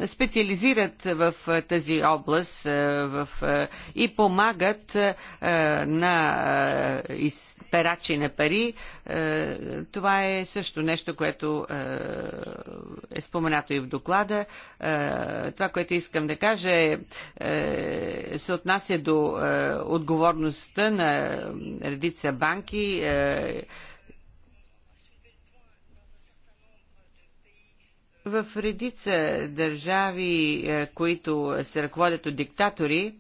специализират в тази област в, и и помагат е, на е, перачи на пари. Е, това е също нещо, което е споменато и в доклада. Това, което искам да кажа е, се отнася до отговорността на редица банки, в редица държави, които се ръководят от диктатори,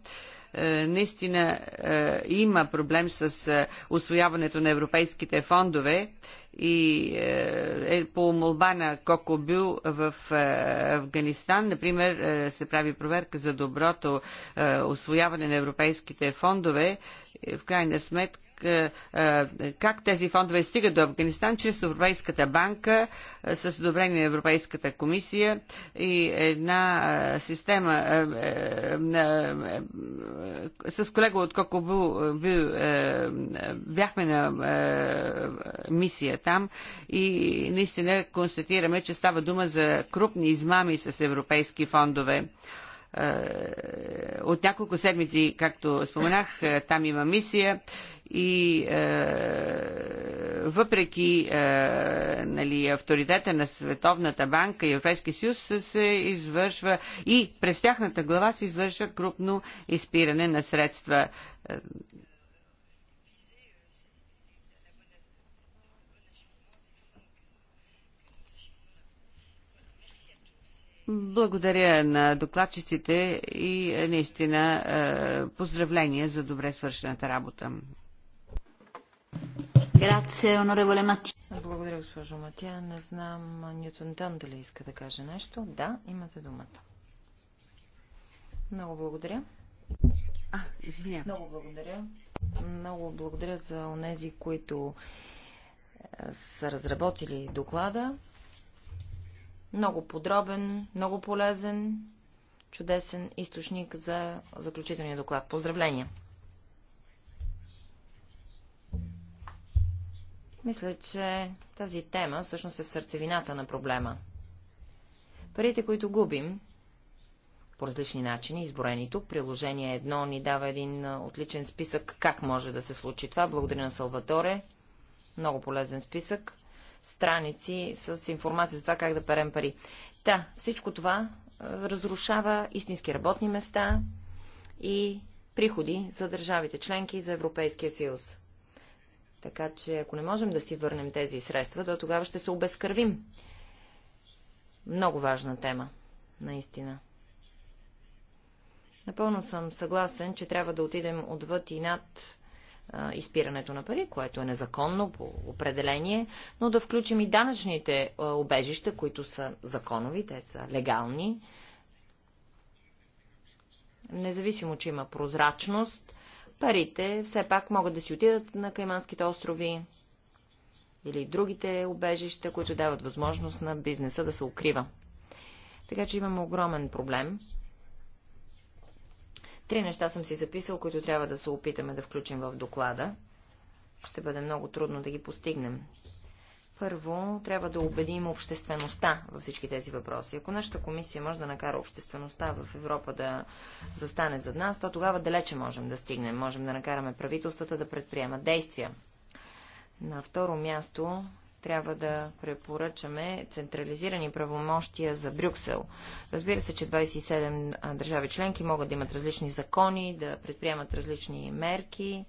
е, наистина е, има проблем с е, освояването на европейските фондове и е, по молба на Кокобю в Афганистан, например, се прави проверка за доброто освояване на европейските фондове. В крайна сметка е, е, как тези фондове стигат до Афганистан, чрез Европейската банка, е, с одобрение на Европейската комисия и една система с колега от Кокобу бяхме на мисия там и наистина констатираме, че става дума за крупни измами с европейски фондове от няколко седмици, както споменах, там има мисия и е, въпреки е, нали, авторитета на Световната банка и Европейския съюз се извършва и през тяхната глава се извършва крупно изпиране на средства. Е, благодаря на докладчиците и е, наистина е, поздравления за добре свършената работа. Благодаря, госпожо Матя. Не знам Ньютон Дан дали иска да каже нещо. Да, имате думата. Много благодаря. А, извинявам. Много благодаря. Много благодаря за онези, които е, са разработили доклада. Много подробен, много полезен, чудесен източник за заключителния доклад. Поздравления! Мисля, че тази тема всъщност е в сърцевината на проблема. Парите, които губим, по различни начини, изброени тук. Приложение едно ни дава един отличен списък как може да се случи това. Благодаря на Салваторе. Много полезен списък. Страници с информация за това как да перем пари. Та, да, всичко това разрушава истински работни места и приходи за държавите членки и за Европейския съюз. Така че ако не можем да си върнем тези средства, то тогава ще се обезкървим. Много важна тема, наистина. Напълно съм съгласен, че трябва да отидем отвъд и над а, изпирането на пари, което е незаконно по определение, но да включим и данъчните а, обежища, които са законови, те са легални. Независимо, че има прозрачност, парите все пак могат да си отидат на Кайманските острови или другите убежища, които дават възможност на бизнеса да се укрива. Така че имаме огромен проблем. Три неща съм си записал, които трябва да се опитаме да включим в доклада. Ще бъде много трудно да ги постигнем. Първо, трябва да убедим обществеността във всички тези въпроси. Ако нашата комисия може да накара обществеността в Европа да застане зад нас, то тогава далече можем да стигнем. Можем да накараме правителствата да предприемат действия. На второ място, трябва да препоръчаме централизирани правомощия за Брюксел. Разбира се, че 27 държави членки могат да имат различни закони, да предприемат различни мерки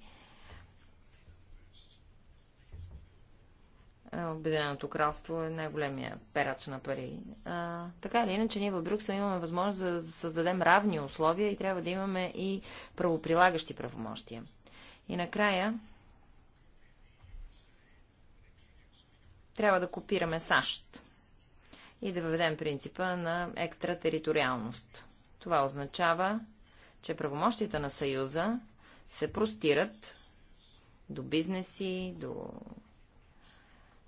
Е, Обединеното кралство е най-големия перач на пари. А, така или иначе, ние в Брюксел имаме възможност да създадем равни условия и трябва да имаме и правоприлагащи правомощия. И накрая трябва да копираме САЩ и да въведем принципа на екстратериториалност. Това означава, че правомощите на Съюза се простират до бизнеси, до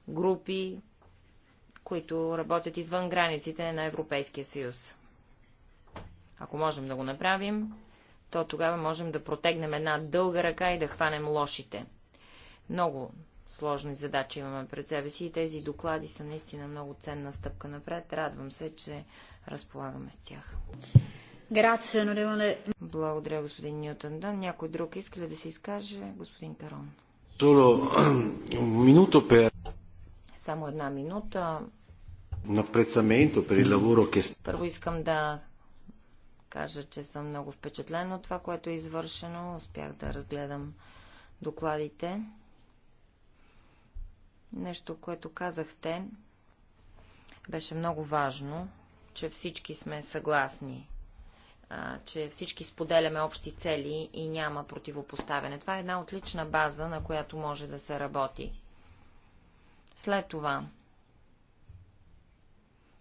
групи, които работят извън границите на Европейския съюз. Ако можем да го направим, то тогава можем да протегнем една дълга ръка и да хванем лошите. Много сложни задачи имаме пред себе си и тези доклади са наистина много ценна стъпка напред. Радвам се, че разполагаме с тях. Благодаря, господин Ньютон. Да, някой друг иска ли да се изкаже? Господин Карон. Само една минута. Първо искам да кажа, че съм много впечатлен от това, което е извършено. Успях да разгледам докладите. Нещо, което казахте, беше много важно, че всички сме съгласни, че всички споделяме общи цели и няма противопоставяне. Това е една отлична база, на която може да се работи. След това.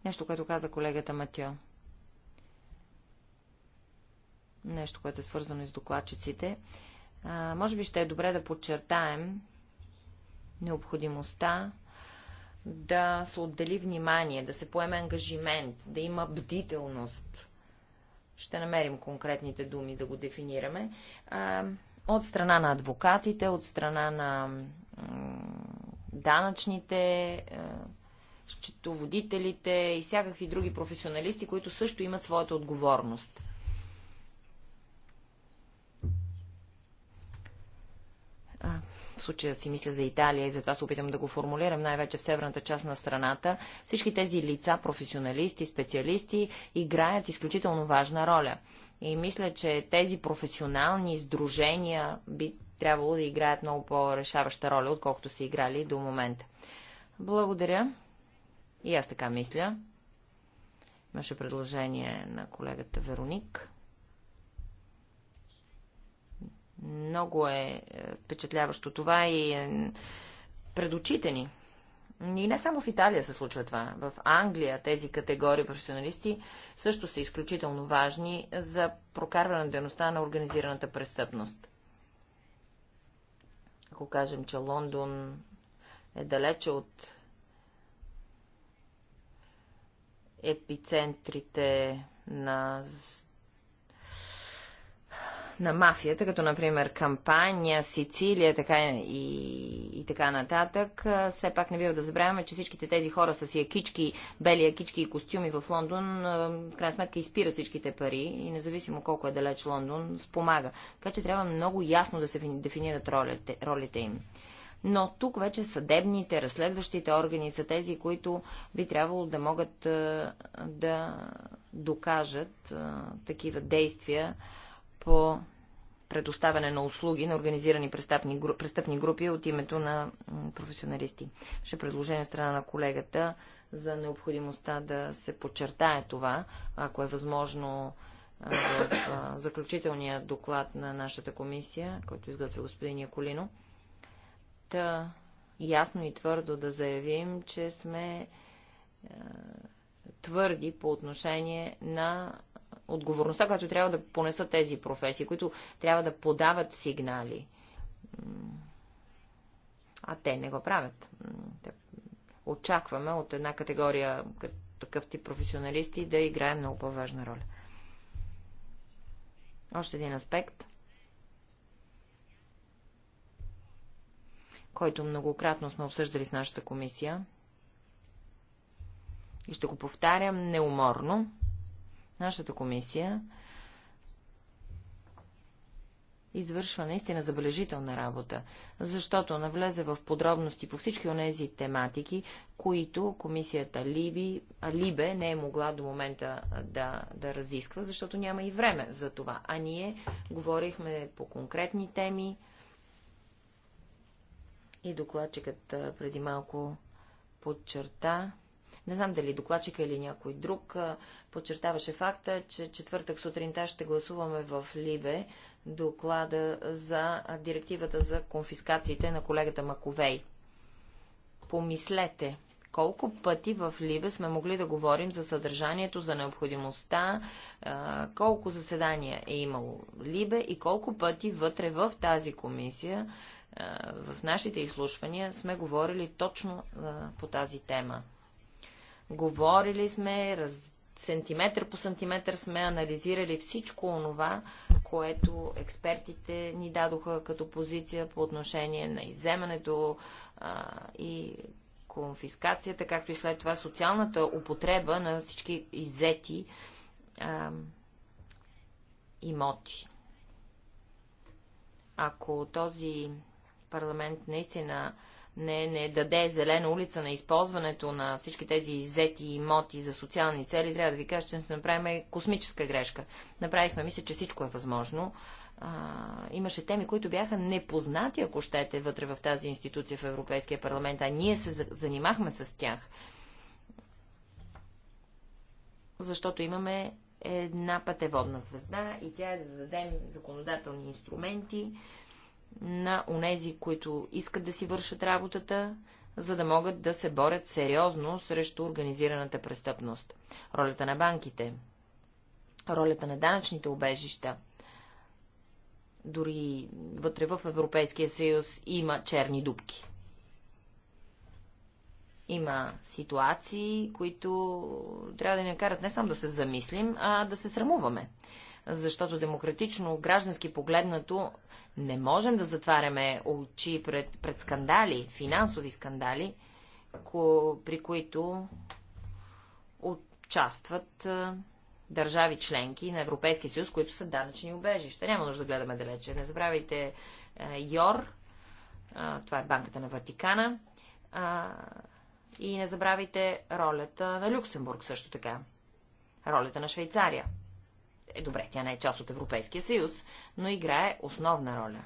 Нещо, което каза колегата Матьо. Нещо, което е свързано с докладчиците. А, може би ще е добре да подчертаем необходимостта да се отдели внимание, да се поеме ангажимент, да има бдителност. Ще намерим конкретните думи да го дефинираме. А, от страна на адвокатите, от страна на данъчните, е, счетоводителите и всякакви други професионалисти, които също имат своята отговорност. в случая си мисля за Италия и затова се опитам да го формулирам най-вече в северната част на страната, всички тези лица, професионалисти, специалисти играят изключително важна роля. И мисля, че тези професионални сдружения, би трябвало да играят много по-решаваща роля, отколкото са играли до момента. Благодаря. И аз така мисля. Имаше предложение на колегата Вероник. Много е, е впечатляващо това и е, пред очите ни. И не само в Италия се случва това. В Англия тези категории професионалисти също са изключително важни за прокарване на дейността на организираната престъпност. Ако кажем, че Лондон е далече от епицентрите на на мафията, като например кампания, Сицилия така и, и така нататък, все пак не бива да забравяме, че всичките тези хора с якички, бели якички и костюми в Лондон, в крайна сметка изпират всичките пари и независимо колко е далеч Лондон, спомага. Така че трябва много ясно да се дефинират ролите, ролите им но тук вече съдебните, разследващите органи са тези, които би трябвало да могат да докажат такива действия по предоставяне на услуги на организирани престъпни, престъпни групи от името на професионалисти. Ще предложение от страна на колегата за необходимостта да се подчертае това, ако е възможно в заключителния доклад на нашата комисия, който изготвя господин Яколино. Та ясно и твърдо да заявим, че сме твърди по отношение на отговорността, която трябва да понесат тези професии, които трябва да подават сигнали. А те не го правят. Очакваме от една категория като такъв тип професионалисти да играем много по-важна роля. Още един аспект, който многократно сме обсъждали в нашата комисия и ще го повтарям неуморно, Нашата комисия извършва наистина забележителна работа, защото навлезе в подробности по всички онези тематики, които комисията Либи, а Либе не е могла до момента да, да разисква, защото няма и време за това. А ние говорихме по конкретни теми и докладчикът преди малко подчерта, не знам дали докладчика или някой друг подчертаваше факта, че четвъртък сутринта ще гласуваме в Либе доклада за директивата за конфискациите на колегата Маковей. Помислете, колко пъти в Либе сме могли да говорим за съдържанието, за необходимостта, колко заседания е имало Либе и колко пъти вътре в тази комисия, в нашите изслушвания, сме говорили точно по тази тема. Говорили сме, раз... сантиметър по сантиметър сме анализирали всичко онова, което експертите ни дадоха като позиция по отношение на иземането а, и конфискацията, както и след това социалната употреба на всички иззети а, имоти. Ако този парламент наистина не, не даде зелена улица на използването на всички тези иззети имоти за социални цели, трябва да ви кажа, че не се направим космическа грешка. Направихме, мисля, че всичко е възможно. А, имаше теми, които бяха непознати, ако щете, вътре в тази институция в Европейския парламент, а ние се занимахме с тях. Защото имаме една пътеводна звезда и тя е да дадем законодателни инструменти, на онези, които искат да си вършат работата, за да могат да се борят сериозно срещу организираната престъпност. Ролята на банките, ролята на данъчните убежища, дори вътре в Европейския съюз има черни дубки. Има ситуации, които трябва да ни накарат не само да се замислим, а да се срамуваме защото демократично, граждански погледнато, не можем да затваряме очи пред, пред скандали, финансови скандали, ко, при които участват държави членки на Европейския съюз, които са данъчни убежища. Няма нужда да гледаме далече. Не забравяйте ЙОР, това е Банката на Ватикана, и не забравяйте ролята на Люксембург също така, ролята на Швейцария. Е, добре, тя не е част от Европейския съюз, но играе основна роля.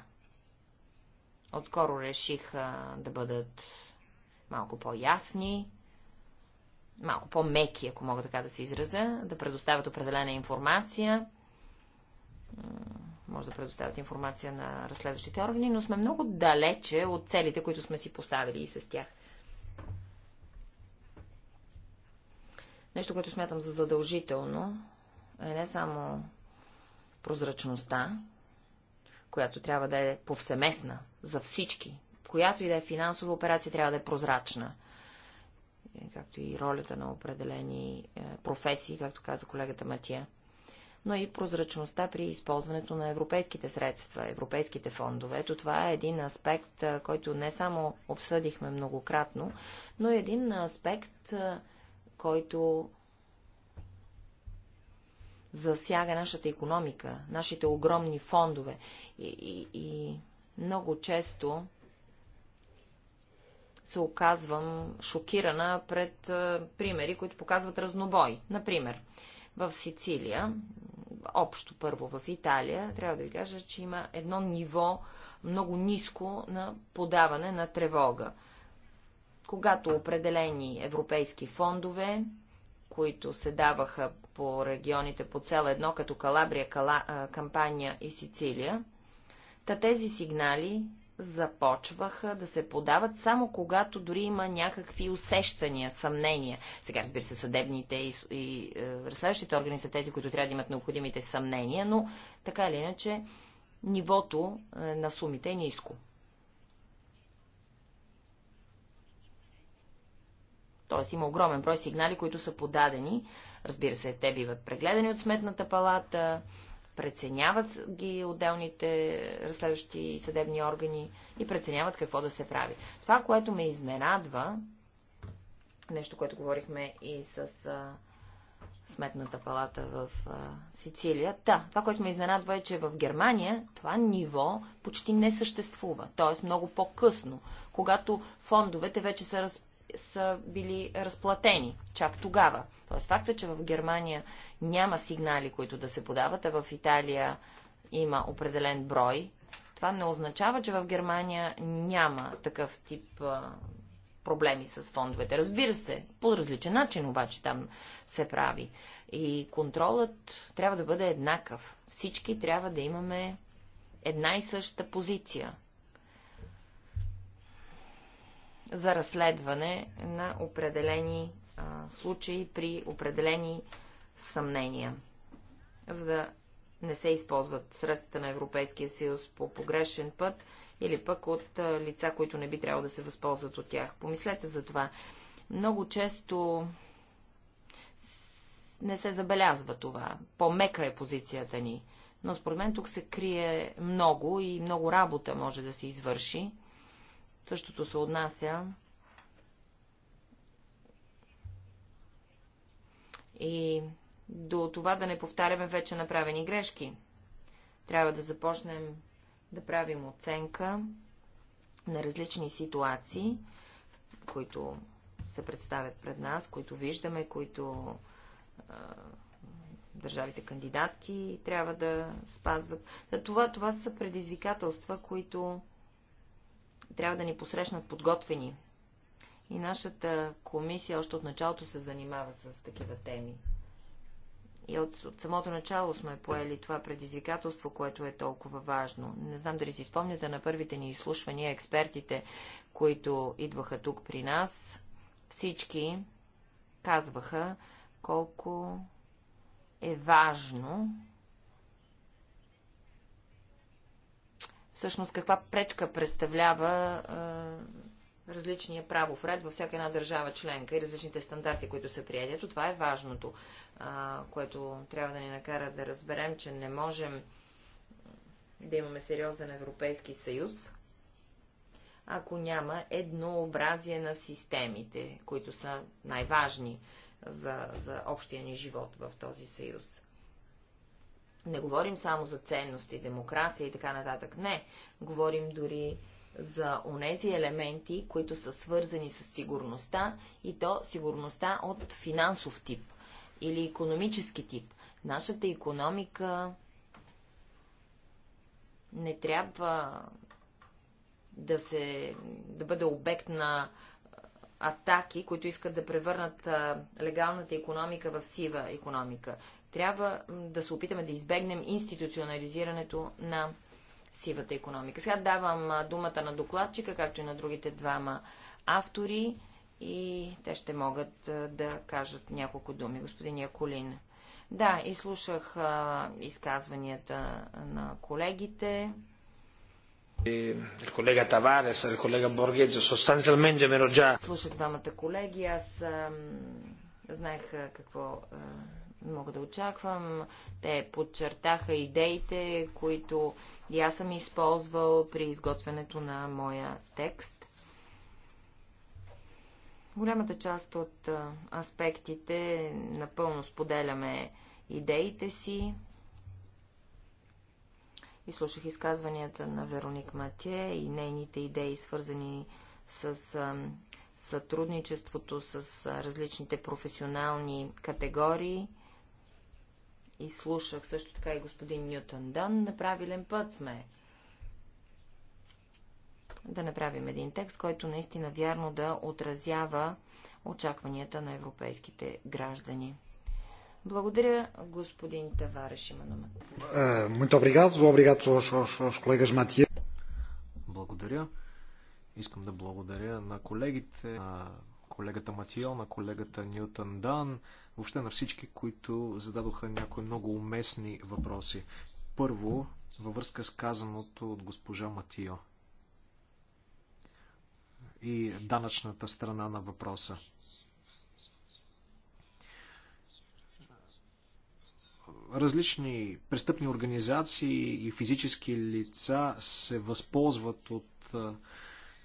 Отскоро реших а, да бъдат малко по-ясни, малко по-меки, ако мога така да се изразя, да предоставят определена информация. Може да предоставят информация на разследващите органи, но сме много далече от целите, които сме си поставили и с тях. Нещо, което смятам за задължително е не само прозрачността, която трябва да е повсеместна за всички, която и да е финансова операция, трябва да е прозрачна. Е, както и ролята на определени е, професии, както каза колегата Матия. Но и прозрачността при използването на европейските средства, европейските фондове. Ето това е един аспект, е, който не само обсъдихме многократно, но е един аспект, който засяга нашата економика, нашите огромни фондове. И, и, и много често се оказвам шокирана пред примери, които показват разнобой. Например, в Сицилия, общо първо в Италия, трябва да ви кажа, че има едно ниво много ниско на подаване на тревога. Когато определени европейски фондове които се даваха по регионите по цел едно, като Калабрия, Кала, Кампания и Сицилия, та тези сигнали започваха да се подават само когато дори има някакви усещания, съмнения. Сега, разбира се, съдебните и, и е, разследващите органи са тези, които трябва да имат необходимите съмнения, но така или иначе нивото е, на сумите е ниско. Т.е. има огромен брой сигнали, които са подадени. Разбира се, те биват прегледани от сметната палата, преценяват ги отделните разследващи съдебни органи и преценяват какво да се прави. Това, което ме изненадва, нещо, което говорихме и с а, сметната палата в а, Сицилия. Да, това, което ме изненадва е, че в Германия това ниво почти не съществува. Т.е. много по-късно, когато фондовете вече са разпределени са били разплатени чак тогава. Тоест факта, че в Германия няма сигнали, които да се подават, а в Италия има определен брой, това не означава, че в Германия няма такъв тип проблеми с фондовете. Разбира се, по различен начин обаче там се прави. И контролът трябва да бъде еднакъв. Всички трябва да имаме една и съща позиция за разследване на определени а, случаи при определени съмнения, за да не се използват средствата на Европейския съюз по погрешен път или пък от а, лица, които не би трябвало да се възползват от тях. Помислете за това. Много често не се забелязва това. По-мека е позицията ни. Но според мен тук се крие много и много работа може да се извърши Същото се отнася и до това да не повтаряме вече направени грешки. Трябва да започнем да правим оценка на различни ситуации, които се представят пред нас, които виждаме, които е, държавите кандидатки трябва да спазват. Това, това са предизвикателства, които трябва да ни посрещнат подготвени. И нашата комисия още от началото се занимава с такива теми. И от, от самото начало сме поели това предизвикателство, което е толкова важно. Не знам дали си спомняте на първите ни изслушвания, експертите, които идваха тук при нас, всички казваха колко е важно всъщност каква пречка представлява е, различния правов ред във всяка една държава членка и различните стандарти, които се приедят. Ето това е важното, е, което трябва да ни накара да разберем, че не можем да имаме сериозен Европейски съюз, ако няма еднообразие на системите, които са най-важни за, за общия ни живот в този съюз. Не говорим само за ценности, демокрация и така нататък. Не. Говорим дори за онези елементи, които са свързани с сигурността и то сигурността от финансов тип или економически тип. Нашата економика не трябва да, се, да бъде обект на атаки, които искат да превърнат легалната економика в сива економика. Трябва да се опитаме да избегнем институционализирането на сивата економика. Сега давам думата на докладчика, както и на другите двама автори и те ще могат да кажат няколко думи. Господин Яколин. Да, изслушах слушах изказванията на колегите. Колега Таварес, колега Боргеджо, sostanzialmente me lo già. Слушах двамата колеги, аз знаех какво мога да очаквам. Те подчертаха идеите, които и аз съм използвал при изготвянето на моя текст. Голямата част от аспектите напълно споделяме идеите си. И слушах изказванията на Вероник Матие и нейните идеи, свързани с сътрудничеството с различните професионални категории и слушах също така и господин Нютон Дън. На правилен път сме. Да направим един текст, който наистина вярно да отразява очакванията на европейските граждани. Благодаря, господин Тавареш има е, Muito obrigado, aos, colegas Благодаря. Искам да благодаря на колегите, на колегата Матио, на колегата Ньютон Дан, въобще на всички, които зададоха някои много уместни въпроси. Първо, във връзка с казаното от госпожа Матио и данъчната страна на въпроса. различни престъпни организации и физически лица се възползват от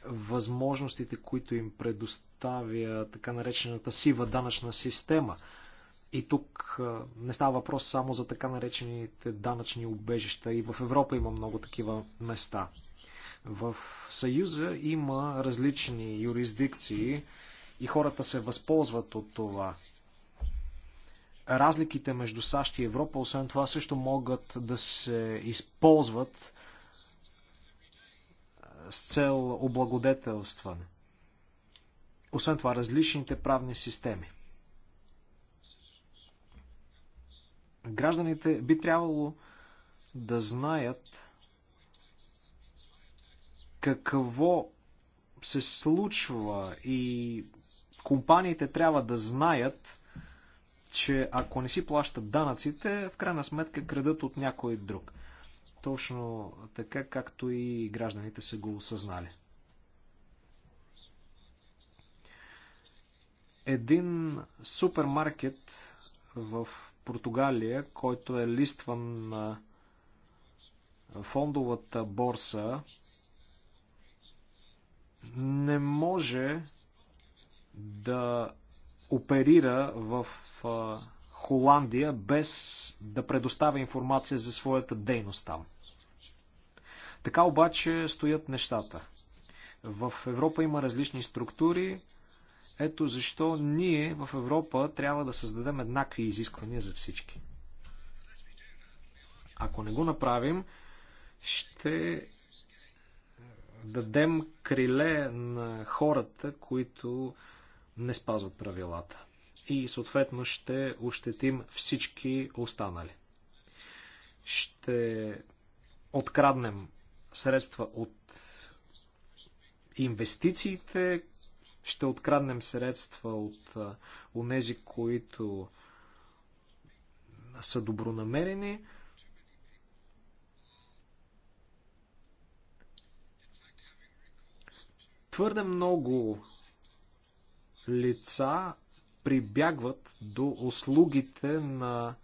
възможностите, които им предоставя така наречената сива данъчна система. И тук не става въпрос само за така наречените данъчни убежища. И в Европа има много такива места. В Съюза има различни юрисдикции и хората се възползват от това. Разликите между САЩ и Европа, освен това, също могат да се използват с цел облагодетелстване. Освен това, различните правни системи. Гражданите би трябвало да знаят какво се случва и компаниите трябва да знаят, че ако не си плащат данъците, в крайна сметка крадат от някой друг точно така, както и гражданите са го осъзнали. Един супермаркет в Португалия, който е листван на фондовата борса, не може да оперира в Холандия, без да предоставя информация за своята дейност там. Така обаче стоят нещата. В Европа има различни структури. Ето защо ние в Европа трябва да създадем еднакви изисквания за всички. Ако не го направим, ще дадем криле на хората, които не спазват правилата и съответно ще ощетим всички останали. Ще откраднем средства от инвестициите, ще откраднем средства от онези, които са добронамерени. Твърде много лица прибягват до услугите на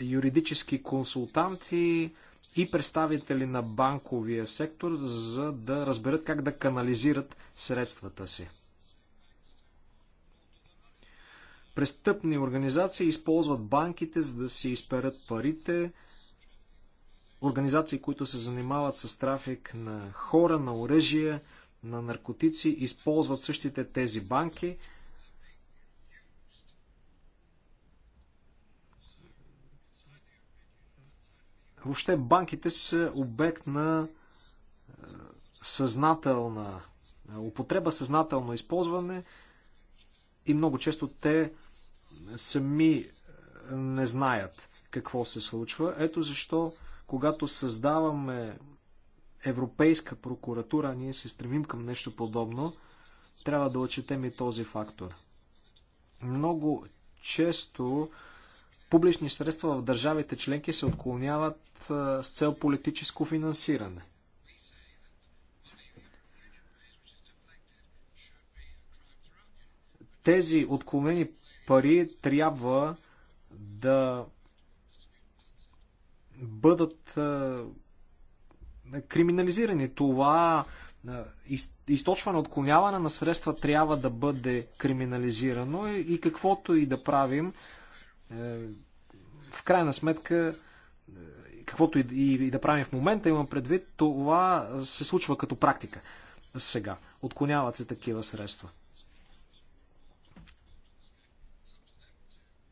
юридически консултанти и представители на банковия сектор, за да разберат как да канализират средствата си. Престъпни организации използват банките, за да си изперат парите. Организации, които се занимават с трафик на хора, на оръжия, на наркотици използват същите тези банки. Въобще банките са обект на е, съзнателна е, употреба, съзнателно използване и много често те сами е, не знаят какво се случва. Ето защо, когато създаваме Европейска прокуратура, ние се стремим към нещо подобно, трябва да отчетем и този фактор. Много често публични средства в държавите членки се отклоняват с цел политическо финансиране. Тези отклонени пари трябва да бъдат криминализирани. Това източване, отклоняване на средства трябва да бъде криминализирано и каквото и да правим, е, в крайна сметка, е, каквото и да правим в момента, имам предвид, това се случва като практика сега. Отклоняват се такива средства.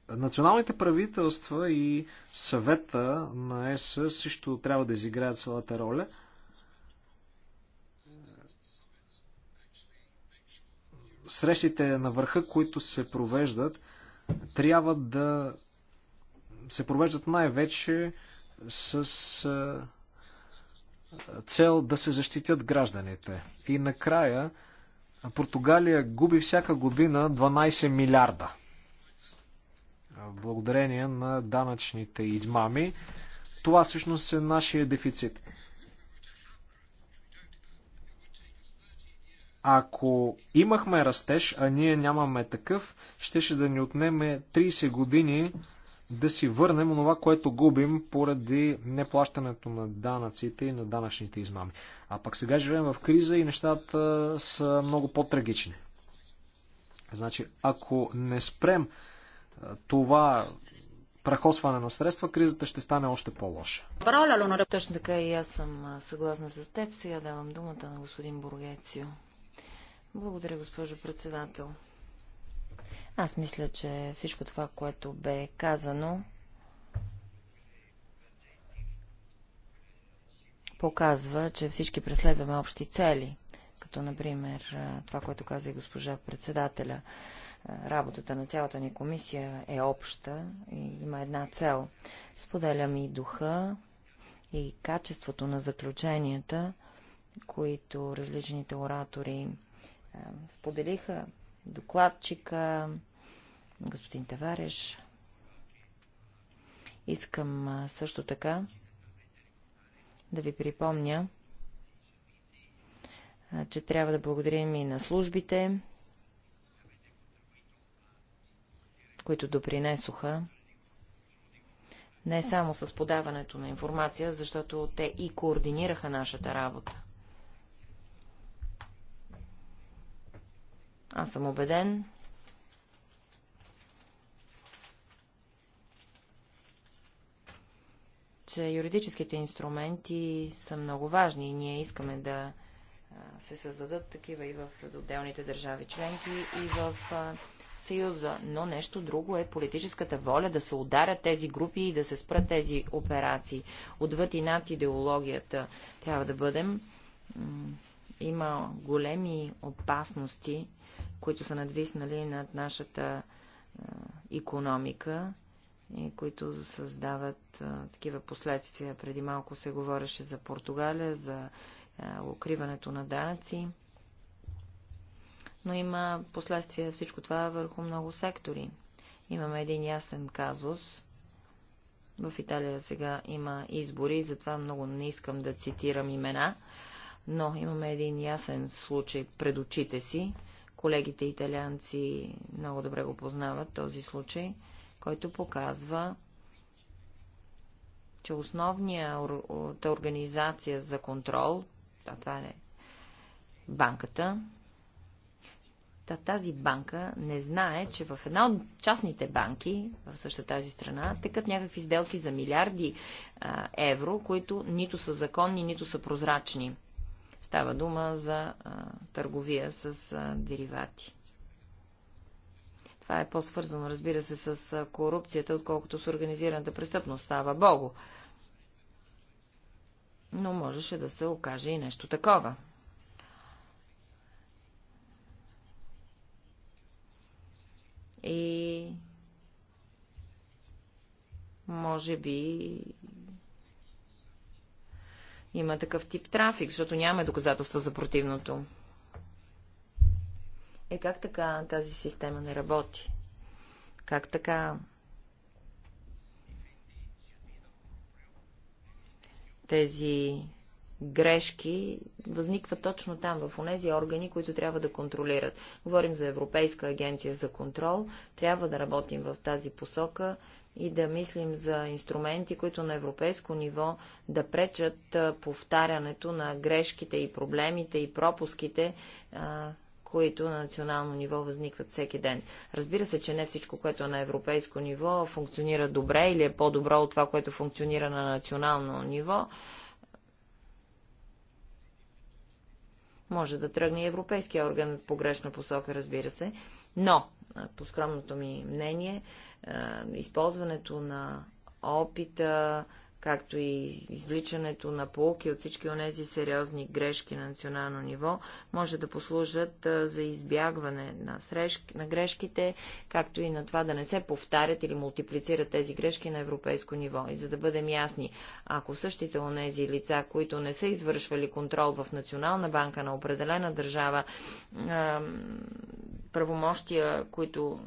Националните правителства и съвета на ЕС също трябва да изиграят своята роля. Срещите на върха, които се провеждат, трябва да се провеждат най-вече с цел да се защитят гражданите. И накрая Португалия губи всяка година 12 милиарда благодарение на данъчните измами. Това всъщност е нашия дефицит. Ако имахме растеж, а ние нямаме такъв, ще да ни отнеме 30 години да си върнем това, което губим поради неплащането на данъците и на данъчните измами. А пък сега живеем в криза и нещата са много по-трагични. Значи, ако не спрем това прахосване на средства, кризата ще стане още по-лоша. Точно така и аз съм съгласна с теб. Сега давам думата на господин Бургецио. Благодаря, госпожо председател. Аз мисля, че всичко това, което бе казано, показва, че всички преследваме общи цели, като, например, това, което каза и госпожа председателя работата на цялата ни комисия е обща и има една цел. Споделям и духа, и качеството на заключенията, които различните оратори споделиха. Докладчика, господин Тавареш. Искам също така да ви припомня, че трябва да благодарим и на службите, които допринесоха не само с подаването на информация, защото те и координираха нашата работа. Аз съм убеден, че юридическите инструменти са много важни и ние искаме да се създадат такива и в отделните държави членки, и в Съюза, но нещо друго е политическата воля да се ударят тези групи и да се спрат тези операции. Отвъд и над идеологията трябва да бъдем. Има големи опасности, които са надвиснали над нашата економика и които създават а, такива последствия. Преди малко се говореше за Португалия, за а, укриването на данъци но има последствия всичко това върху много сектори. Имаме един ясен казус. В Италия сега има избори, затова много не искам да цитирам имена, но имаме един ясен случай пред очите си. Колегите италианци много добре го познават този случай, който показва, че основната организация за контрол, а това е банката, Та тази банка не знае, че в една от частните банки в същата тази страна текат някакви сделки за милиарди а, евро, които нито са законни, нито са прозрачни. Става дума за а, търговия с а, деривати. Това е по-свързано, разбира се, с а, корупцията, отколкото с организираната престъпност. Става Богу. Но можеше да се окаже и нещо такова. и може би има такъв тип трафик, защото нямаме доказателства за противното. Е как така тази система не работи? Как така тези грешки възникват точно там, в онези органи, които трябва да контролират. Говорим за Европейска агенция за контрол, трябва да работим в тази посока и да мислим за инструменти, които на европейско ниво да пречат повтарянето на грешките и проблемите и пропуските, които на национално ниво възникват всеки ден. Разбира се, че не всичко, което е на европейско ниво функционира добре или е по-добро от това, което функционира на национално ниво, Може да тръгне европейския орган в погрешна посока, разбира се. Но, по скромното ми мнение, използването на опита, както и извличането на полки от всички тези сериозни грешки на национално ниво, може да послужат за избягване на, срежки, на грешките, както и на това да не се повтарят или мултиплицират тези грешки на европейско ниво. И за да бъдем ясни, ако същите тези лица, които не са извършвали контрол в Национална банка на определена държава, правомощия, които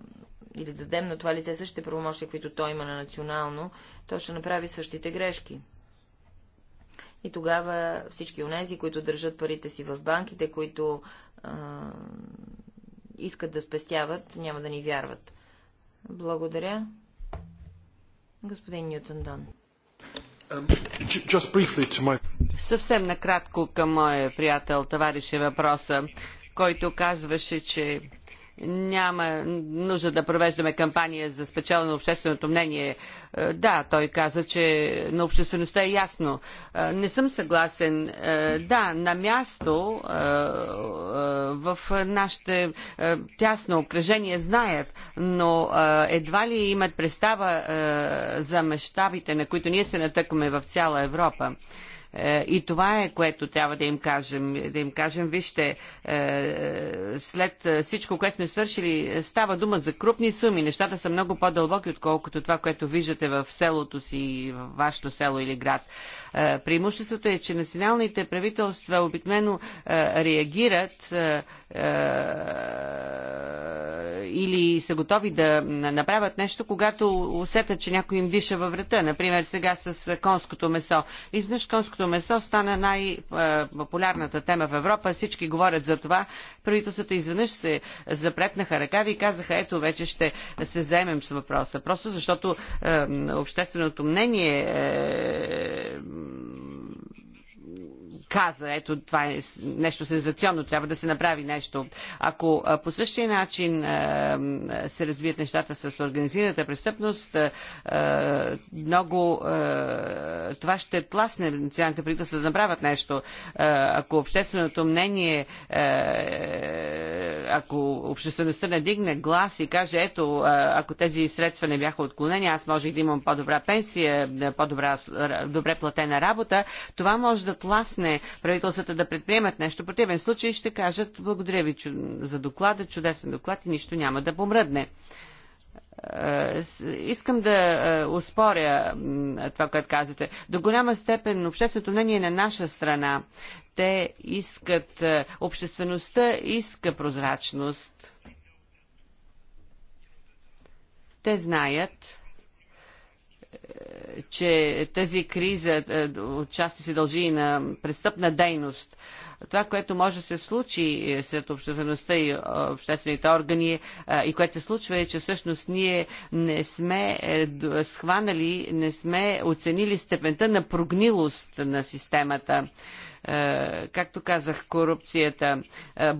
или да дадем на това лице същите правомощия, които той има на национално, то ще направи същите грешки. И тогава всички онези, които държат парите си в банките, които а, искат да спестяват, няма да ни вярват. Благодаря. Господин Ньютон Дон. Um, Съвсем накратко към моя приятел товарише въпроса, който казваше, че няма нужда да провеждаме кампания за спечелено общественото мнение. Е, да, той каза, че на обществеността е ясно. Е, не съм съгласен. Е, да, на място в нашите тясно окръжение знаят, но едва ли имат представа за мащабите, на които ние се натъкваме в цяла Европа. Е, и това е, което трябва да им кажем. Да им кажем, вижте, е, след всичко, което сме свършили, става дума за крупни суми. Нещата са много по-дълбоки, отколкото това, което виждате в селото си, в вашето село или град. Е, преимуществото е, че националните правителства обикновено реагират или са готови да направят нещо, когато усетят, че някой им диша във врата. Например, сега с конското месо. Изнъж конското месо стана най-популярната тема в Европа. Всички говорят за това. Правителствата изведнъж се запретнаха ръкави и казаха, ето вече ще се заемем с въпроса. Просто защото е, общественото мнение е, каза, ето това е нещо сензационно, трябва да се направи нещо. Ако по същия начин се развият нещата с организираната престъпност, много това ще тласне националните правителства да направят нещо. Ако общественото мнение, ако обществеността дигне глас и каже, ето, ако тези средства не бяха отклонени, аз можех да имам по-добра пенсия, по-добра, добре платена работа, това може да тласне правителствата да предприемат нещо. В противен случай ще кажат благодаря ви за доклада, чудесен доклад и нищо няма да помръдне. Е, искам да е, успоря това, което казвате. До голяма степен общественото мнение е на наша страна. Те искат, е, обществеността иска прозрачност. Те знаят, че тази криза е, отчасти се дължи и на престъпна дейност. Това, което може да се случи е, сред обществеността и е, обществените органи и което се случва е, че всъщност ние не сме схванали, не сме оценили степента на прогнилост на системата е, както казах, корупцията, е,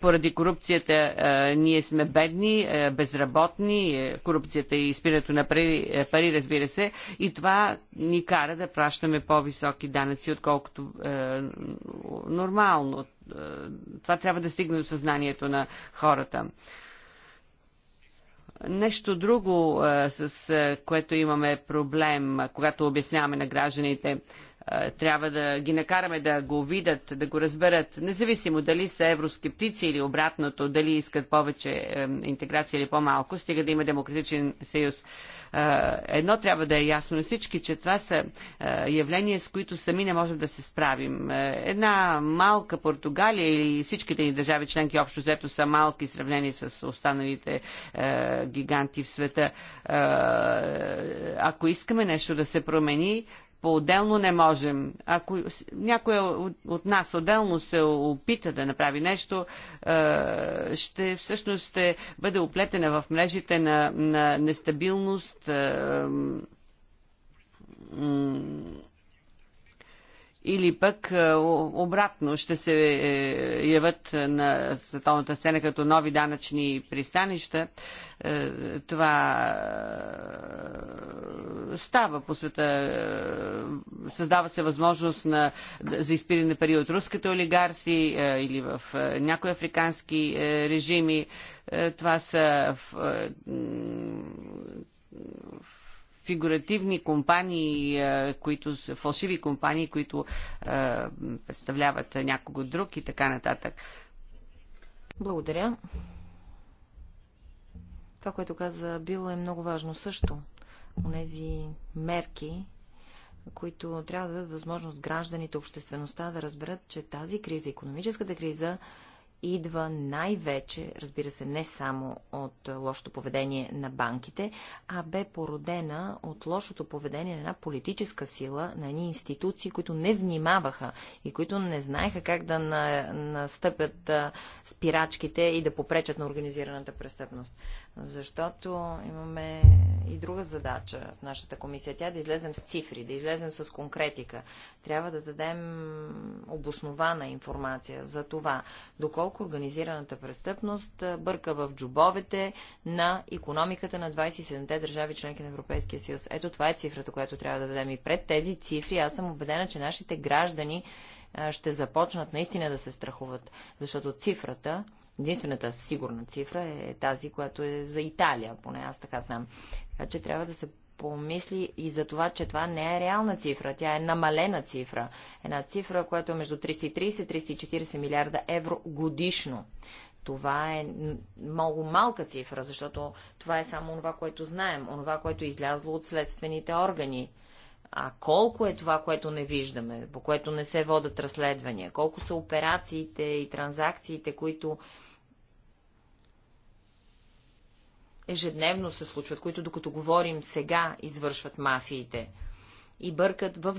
поради корупцията е, ние сме бедни, безработни, корупцията и изпирането на пари, пари, разбира се, и това ни кара да пращаме по-високи данъци, отколкото нормално. Това трябва да стигне до съзнанието на хората. Нещо друго, с което имаме проблем, когато обясняваме на гражданите – е, трябва да ги накараме да го видят, да го разберат, независимо дали са евроскептици или обратното, дали искат повече интеграция или по-малко, стига да има демократичен съюз. Е, едно трябва да е ясно на всички, че това са е, явления, с които сами не можем да се справим. Една малка Португалия или всичките ни държави членки общо взето са малки, сравнени с останалите гиганти в света. Ако искаме нещо да се промени, по-отделно не можем. Ако някой от нас отделно се опита да направи нещо, е, ще, всъщност ще бъде оплетена в мрежите на, на нестабилност е, или пък е, обратно ще се явят на световната сцена като нови данъчни пристанища. Е, това е, става по света. Е, създава се възможност на, за изпиране пари от руските олигарси или в някои африкански режими. Това са фигуративни компании, които са фалшиви компании, които представляват някого друг и така нататък. Благодаря. Това, което каза Бил, е много важно също. Онези мерки, които трябва да дадат възможност гражданите, обществеността да разберат, че тази криза, економическата криза, идва най-вече, разбира се, не само от е, лошото поведение на банките, а бе породена от лошото поведение на една политическа сила, на едни институции, които не внимаваха и които не знаеха как да настъпят е, спирачките и да попречат на организираната престъпност защото имаме и друга задача в нашата комисия. Тя е да излезем с цифри, да излезем с конкретика. Трябва да дадем обоснована информация за това, доколко организираната престъпност бърка в джобовете на економиката на 27-те държави членки на Европейския съюз. Ето това е цифрата, която трябва да дадем. И пред тези цифри аз съм убедена, че нашите граждани ще започнат наистина да се страхуват, защото цифрата Единствената сигурна цифра е тази, която е за Италия, поне аз така знам. Така че трябва да се помисли и за това, че това не е реална цифра, тя е намалена цифра. Една цифра, която е между 330-340 милиарда евро годишно. Това е много малка цифра, защото това е само това, което знаем, това, което е излязло от следствените органи. А колко е това, което не виждаме, по което не се водат разследвания? Колко са операциите и транзакциите, които ежедневно се случват, които докато говорим сега извършват мафиите и бъркат в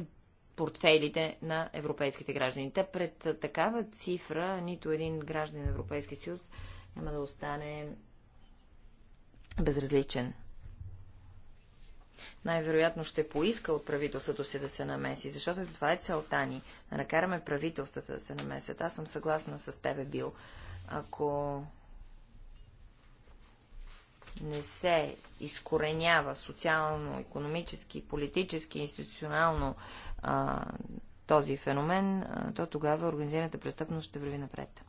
портфелите на европейските граждани. Та пред такава цифра нито един гражданин на Европейския съюз няма да остане безразличен най-вероятно ще поиска от правителството си да се намеси, защото това е целта ни, да накараме правителствата да се намесят. Аз съм съгласна с тебе, Бил. Ако не се изкоренява социално, економически, политически, институционално а, този феномен, а, то тогава организираната престъпност ще върви напред.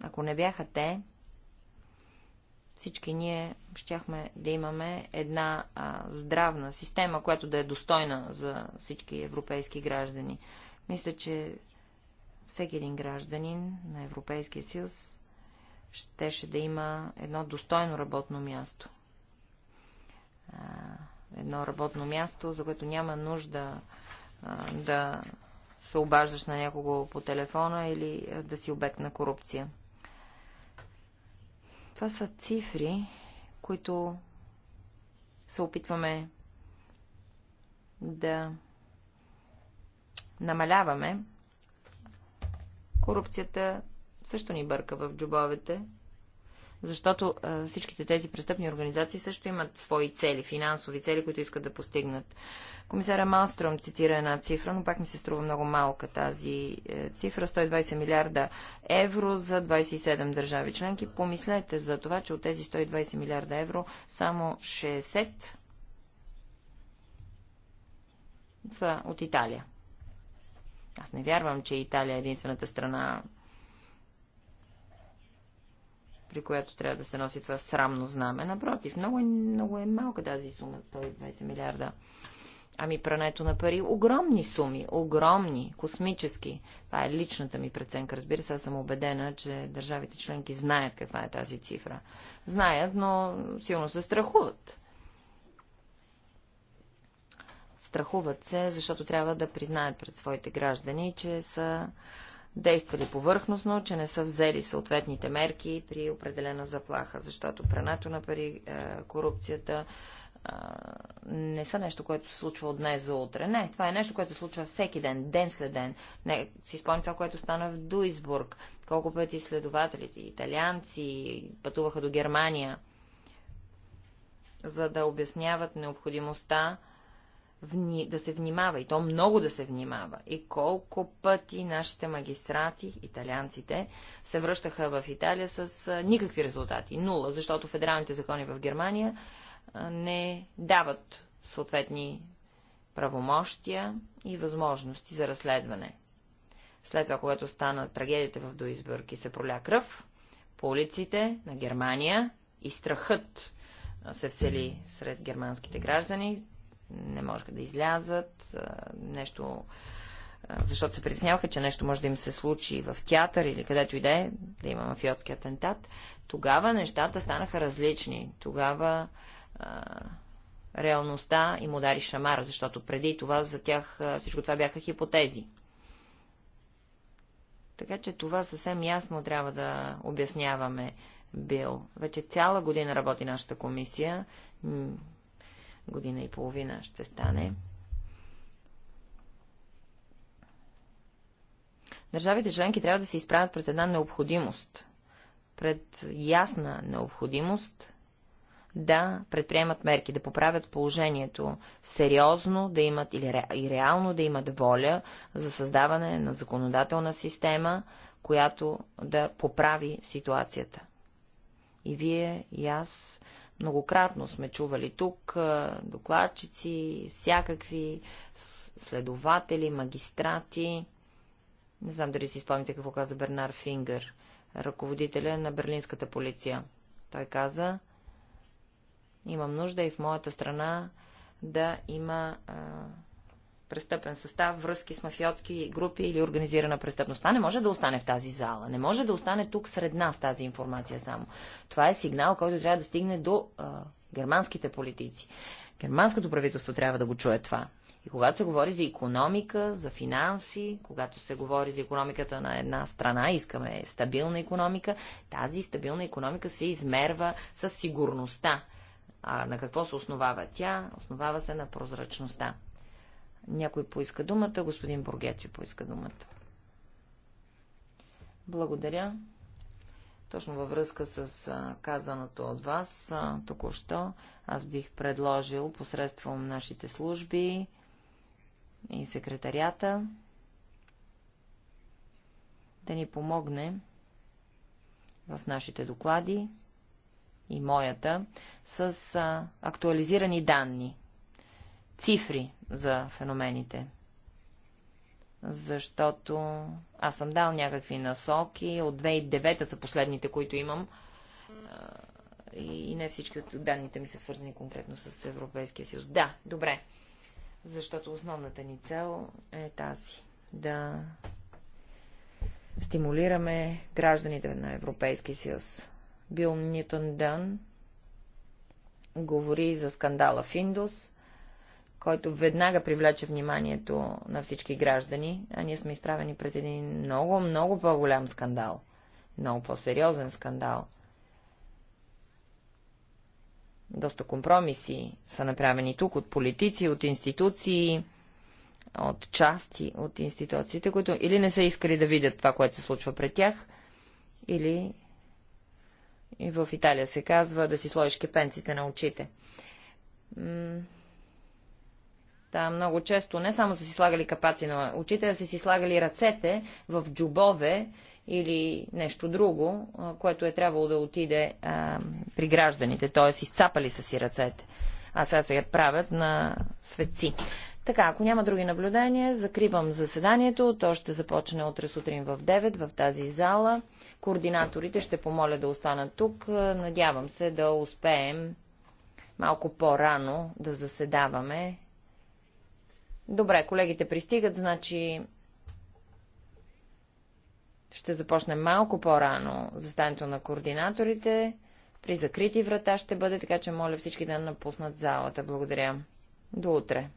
Ако не бяха те, всички ние щяхме да имаме една а, здравна система, която да е достойна за всички европейски граждани. Мисля, че всеки един гражданин на Европейския съюз щеше да има едно достойно работно място. А, едно работно място, за което няма нужда а, да се обаждаш на някого по телефона или а, да си обект на корупция. Това са цифри, които се опитваме да намаляваме. Корупцията също ни бърка в джобовете. Защото а, всичките тези престъпни организации също имат свои цели, финансови цели, които искат да постигнат. Комисара Малстром цитира една цифра, но пак ми се струва много малка тази е, цифра. 120 милиарда евро за 27 държави членки. Помислете за това, че от тези 120 милиарда евро само 60 са от Италия. Аз не вярвам, че Италия е единствената страна при която трябва да се носи това срамно знаме. Напротив, много, е, много е малка тази сума, 120 милиарда. Ами прането на пари, огромни суми, огромни, космически. Това е личната ми преценка. Разбира се, аз съм убедена, че държавите членки знаят каква е тази цифра. Знаят, но силно се страхуват. Страхуват се, защото трябва да признаят пред своите граждани, че са действали повърхностно, че не са взели съответните мерки при определена заплаха, защото прането на пари, е, корупцията е, не са нещо, което се случва от днес за утре. Не, това е нещо, което се случва всеки ден, ден след ден. Не, си спомни това, което стана в Дуисбург. Колко пъти следователите, италианци пътуваха до Германия, за да обясняват необходимостта да се внимава, и то много да се внимава. И колко пъти нашите магистрати, италианците, се връщаха в Италия с никакви резултати. Нула, защото федералните закони в Германия не дават съответни правомощия и възможности за разследване. След това, когато стана трагедията в Дуисбург и се проля кръв, по улиците на Германия и страхът се всели сред германските граждани, не можеха да излязат, нещо, защото се притесняваха, че нещо може да им се случи в театър или където и да е, да има мафиотски атентат, тогава нещата станаха различни. Тогава а, реалността им удари шамар, защото преди това за тях всичко това бяха хипотези. Така че това съвсем ясно трябва да обясняваме бил. Вече цяла година работи нашата комисия година и половина ще стане. Държавите членки трябва да се изправят пред една необходимост, пред ясна необходимост да предприемат мерки, да поправят положението сериозно, да имат или ре, и реално да имат воля за създаване на законодателна система, която да поправи ситуацията. И вие, и аз Многократно сме чували тук докладчици, всякакви следователи, магистрати. Не знам дали си спомните какво каза Бернар Фингър, ръководителя на берлинската полиция. Той каза, имам нужда и в моята страна да има а, престъпен състав, връзки с мафиотски групи или организирана престъпност. Това не може да остане в тази зала. Не може да остане тук сред нас тази информация само. Това е сигнал, който трябва да стигне до а, германските политици. Германското правителство трябва да го чуе това. И когато се говори за економика, за финанси, когато се говори за економиката на една страна, искаме стабилна економика, тази стабилна економика се измерва със сигурността. А на какво се основава тя? Основава се на прозрачността. Някой поиска думата. Господин Бургетио поиска думата. Благодаря. Точно във връзка с казаното от вас току-що, аз бих предложил посредством нашите служби и секретарията да ни помогне в нашите доклади и моята с актуализирани данни, цифри, за феномените. Защото аз съм дал някакви насоки. От 2009 са последните, които имам. И не всички от данните ми са свързани конкретно с Европейския съюз. Да, добре. Защото основната ни цел е тази. Да стимулираме гражданите на Европейския съюз. Бил нитон Дън говори за скандала в Индус – който веднага привлече вниманието на всички граждани, а ние сме изправени пред един много, много по-голям скандал. Много по-сериозен скандал. Доста компромиси са направени тук от политици, от институции, от части от институциите, които или не са искали да видят това, което се случва пред тях, или и в Италия се казва да си сложиш кепенците на очите Та много често не само са си слагали капаци на очите, а са си слагали ръцете в джубове или нещо друго, което е трябвало да отиде а, при гражданите, т.е. изцапали са си ръцете, а сега се я правят на светци. Така, ако няма други наблюдения, закривам заседанието. То ще започне утре сутрин в 9 в тази зала. Координаторите ще помоля да останат тук. Надявам се да успеем малко по-рано да заседаваме Добре, колегите пристигат, значи ще започнем малко по-рано застанието на координаторите. При закрити врата ще бъде, така че моля всички да напуснат залата. Благодаря. До утре.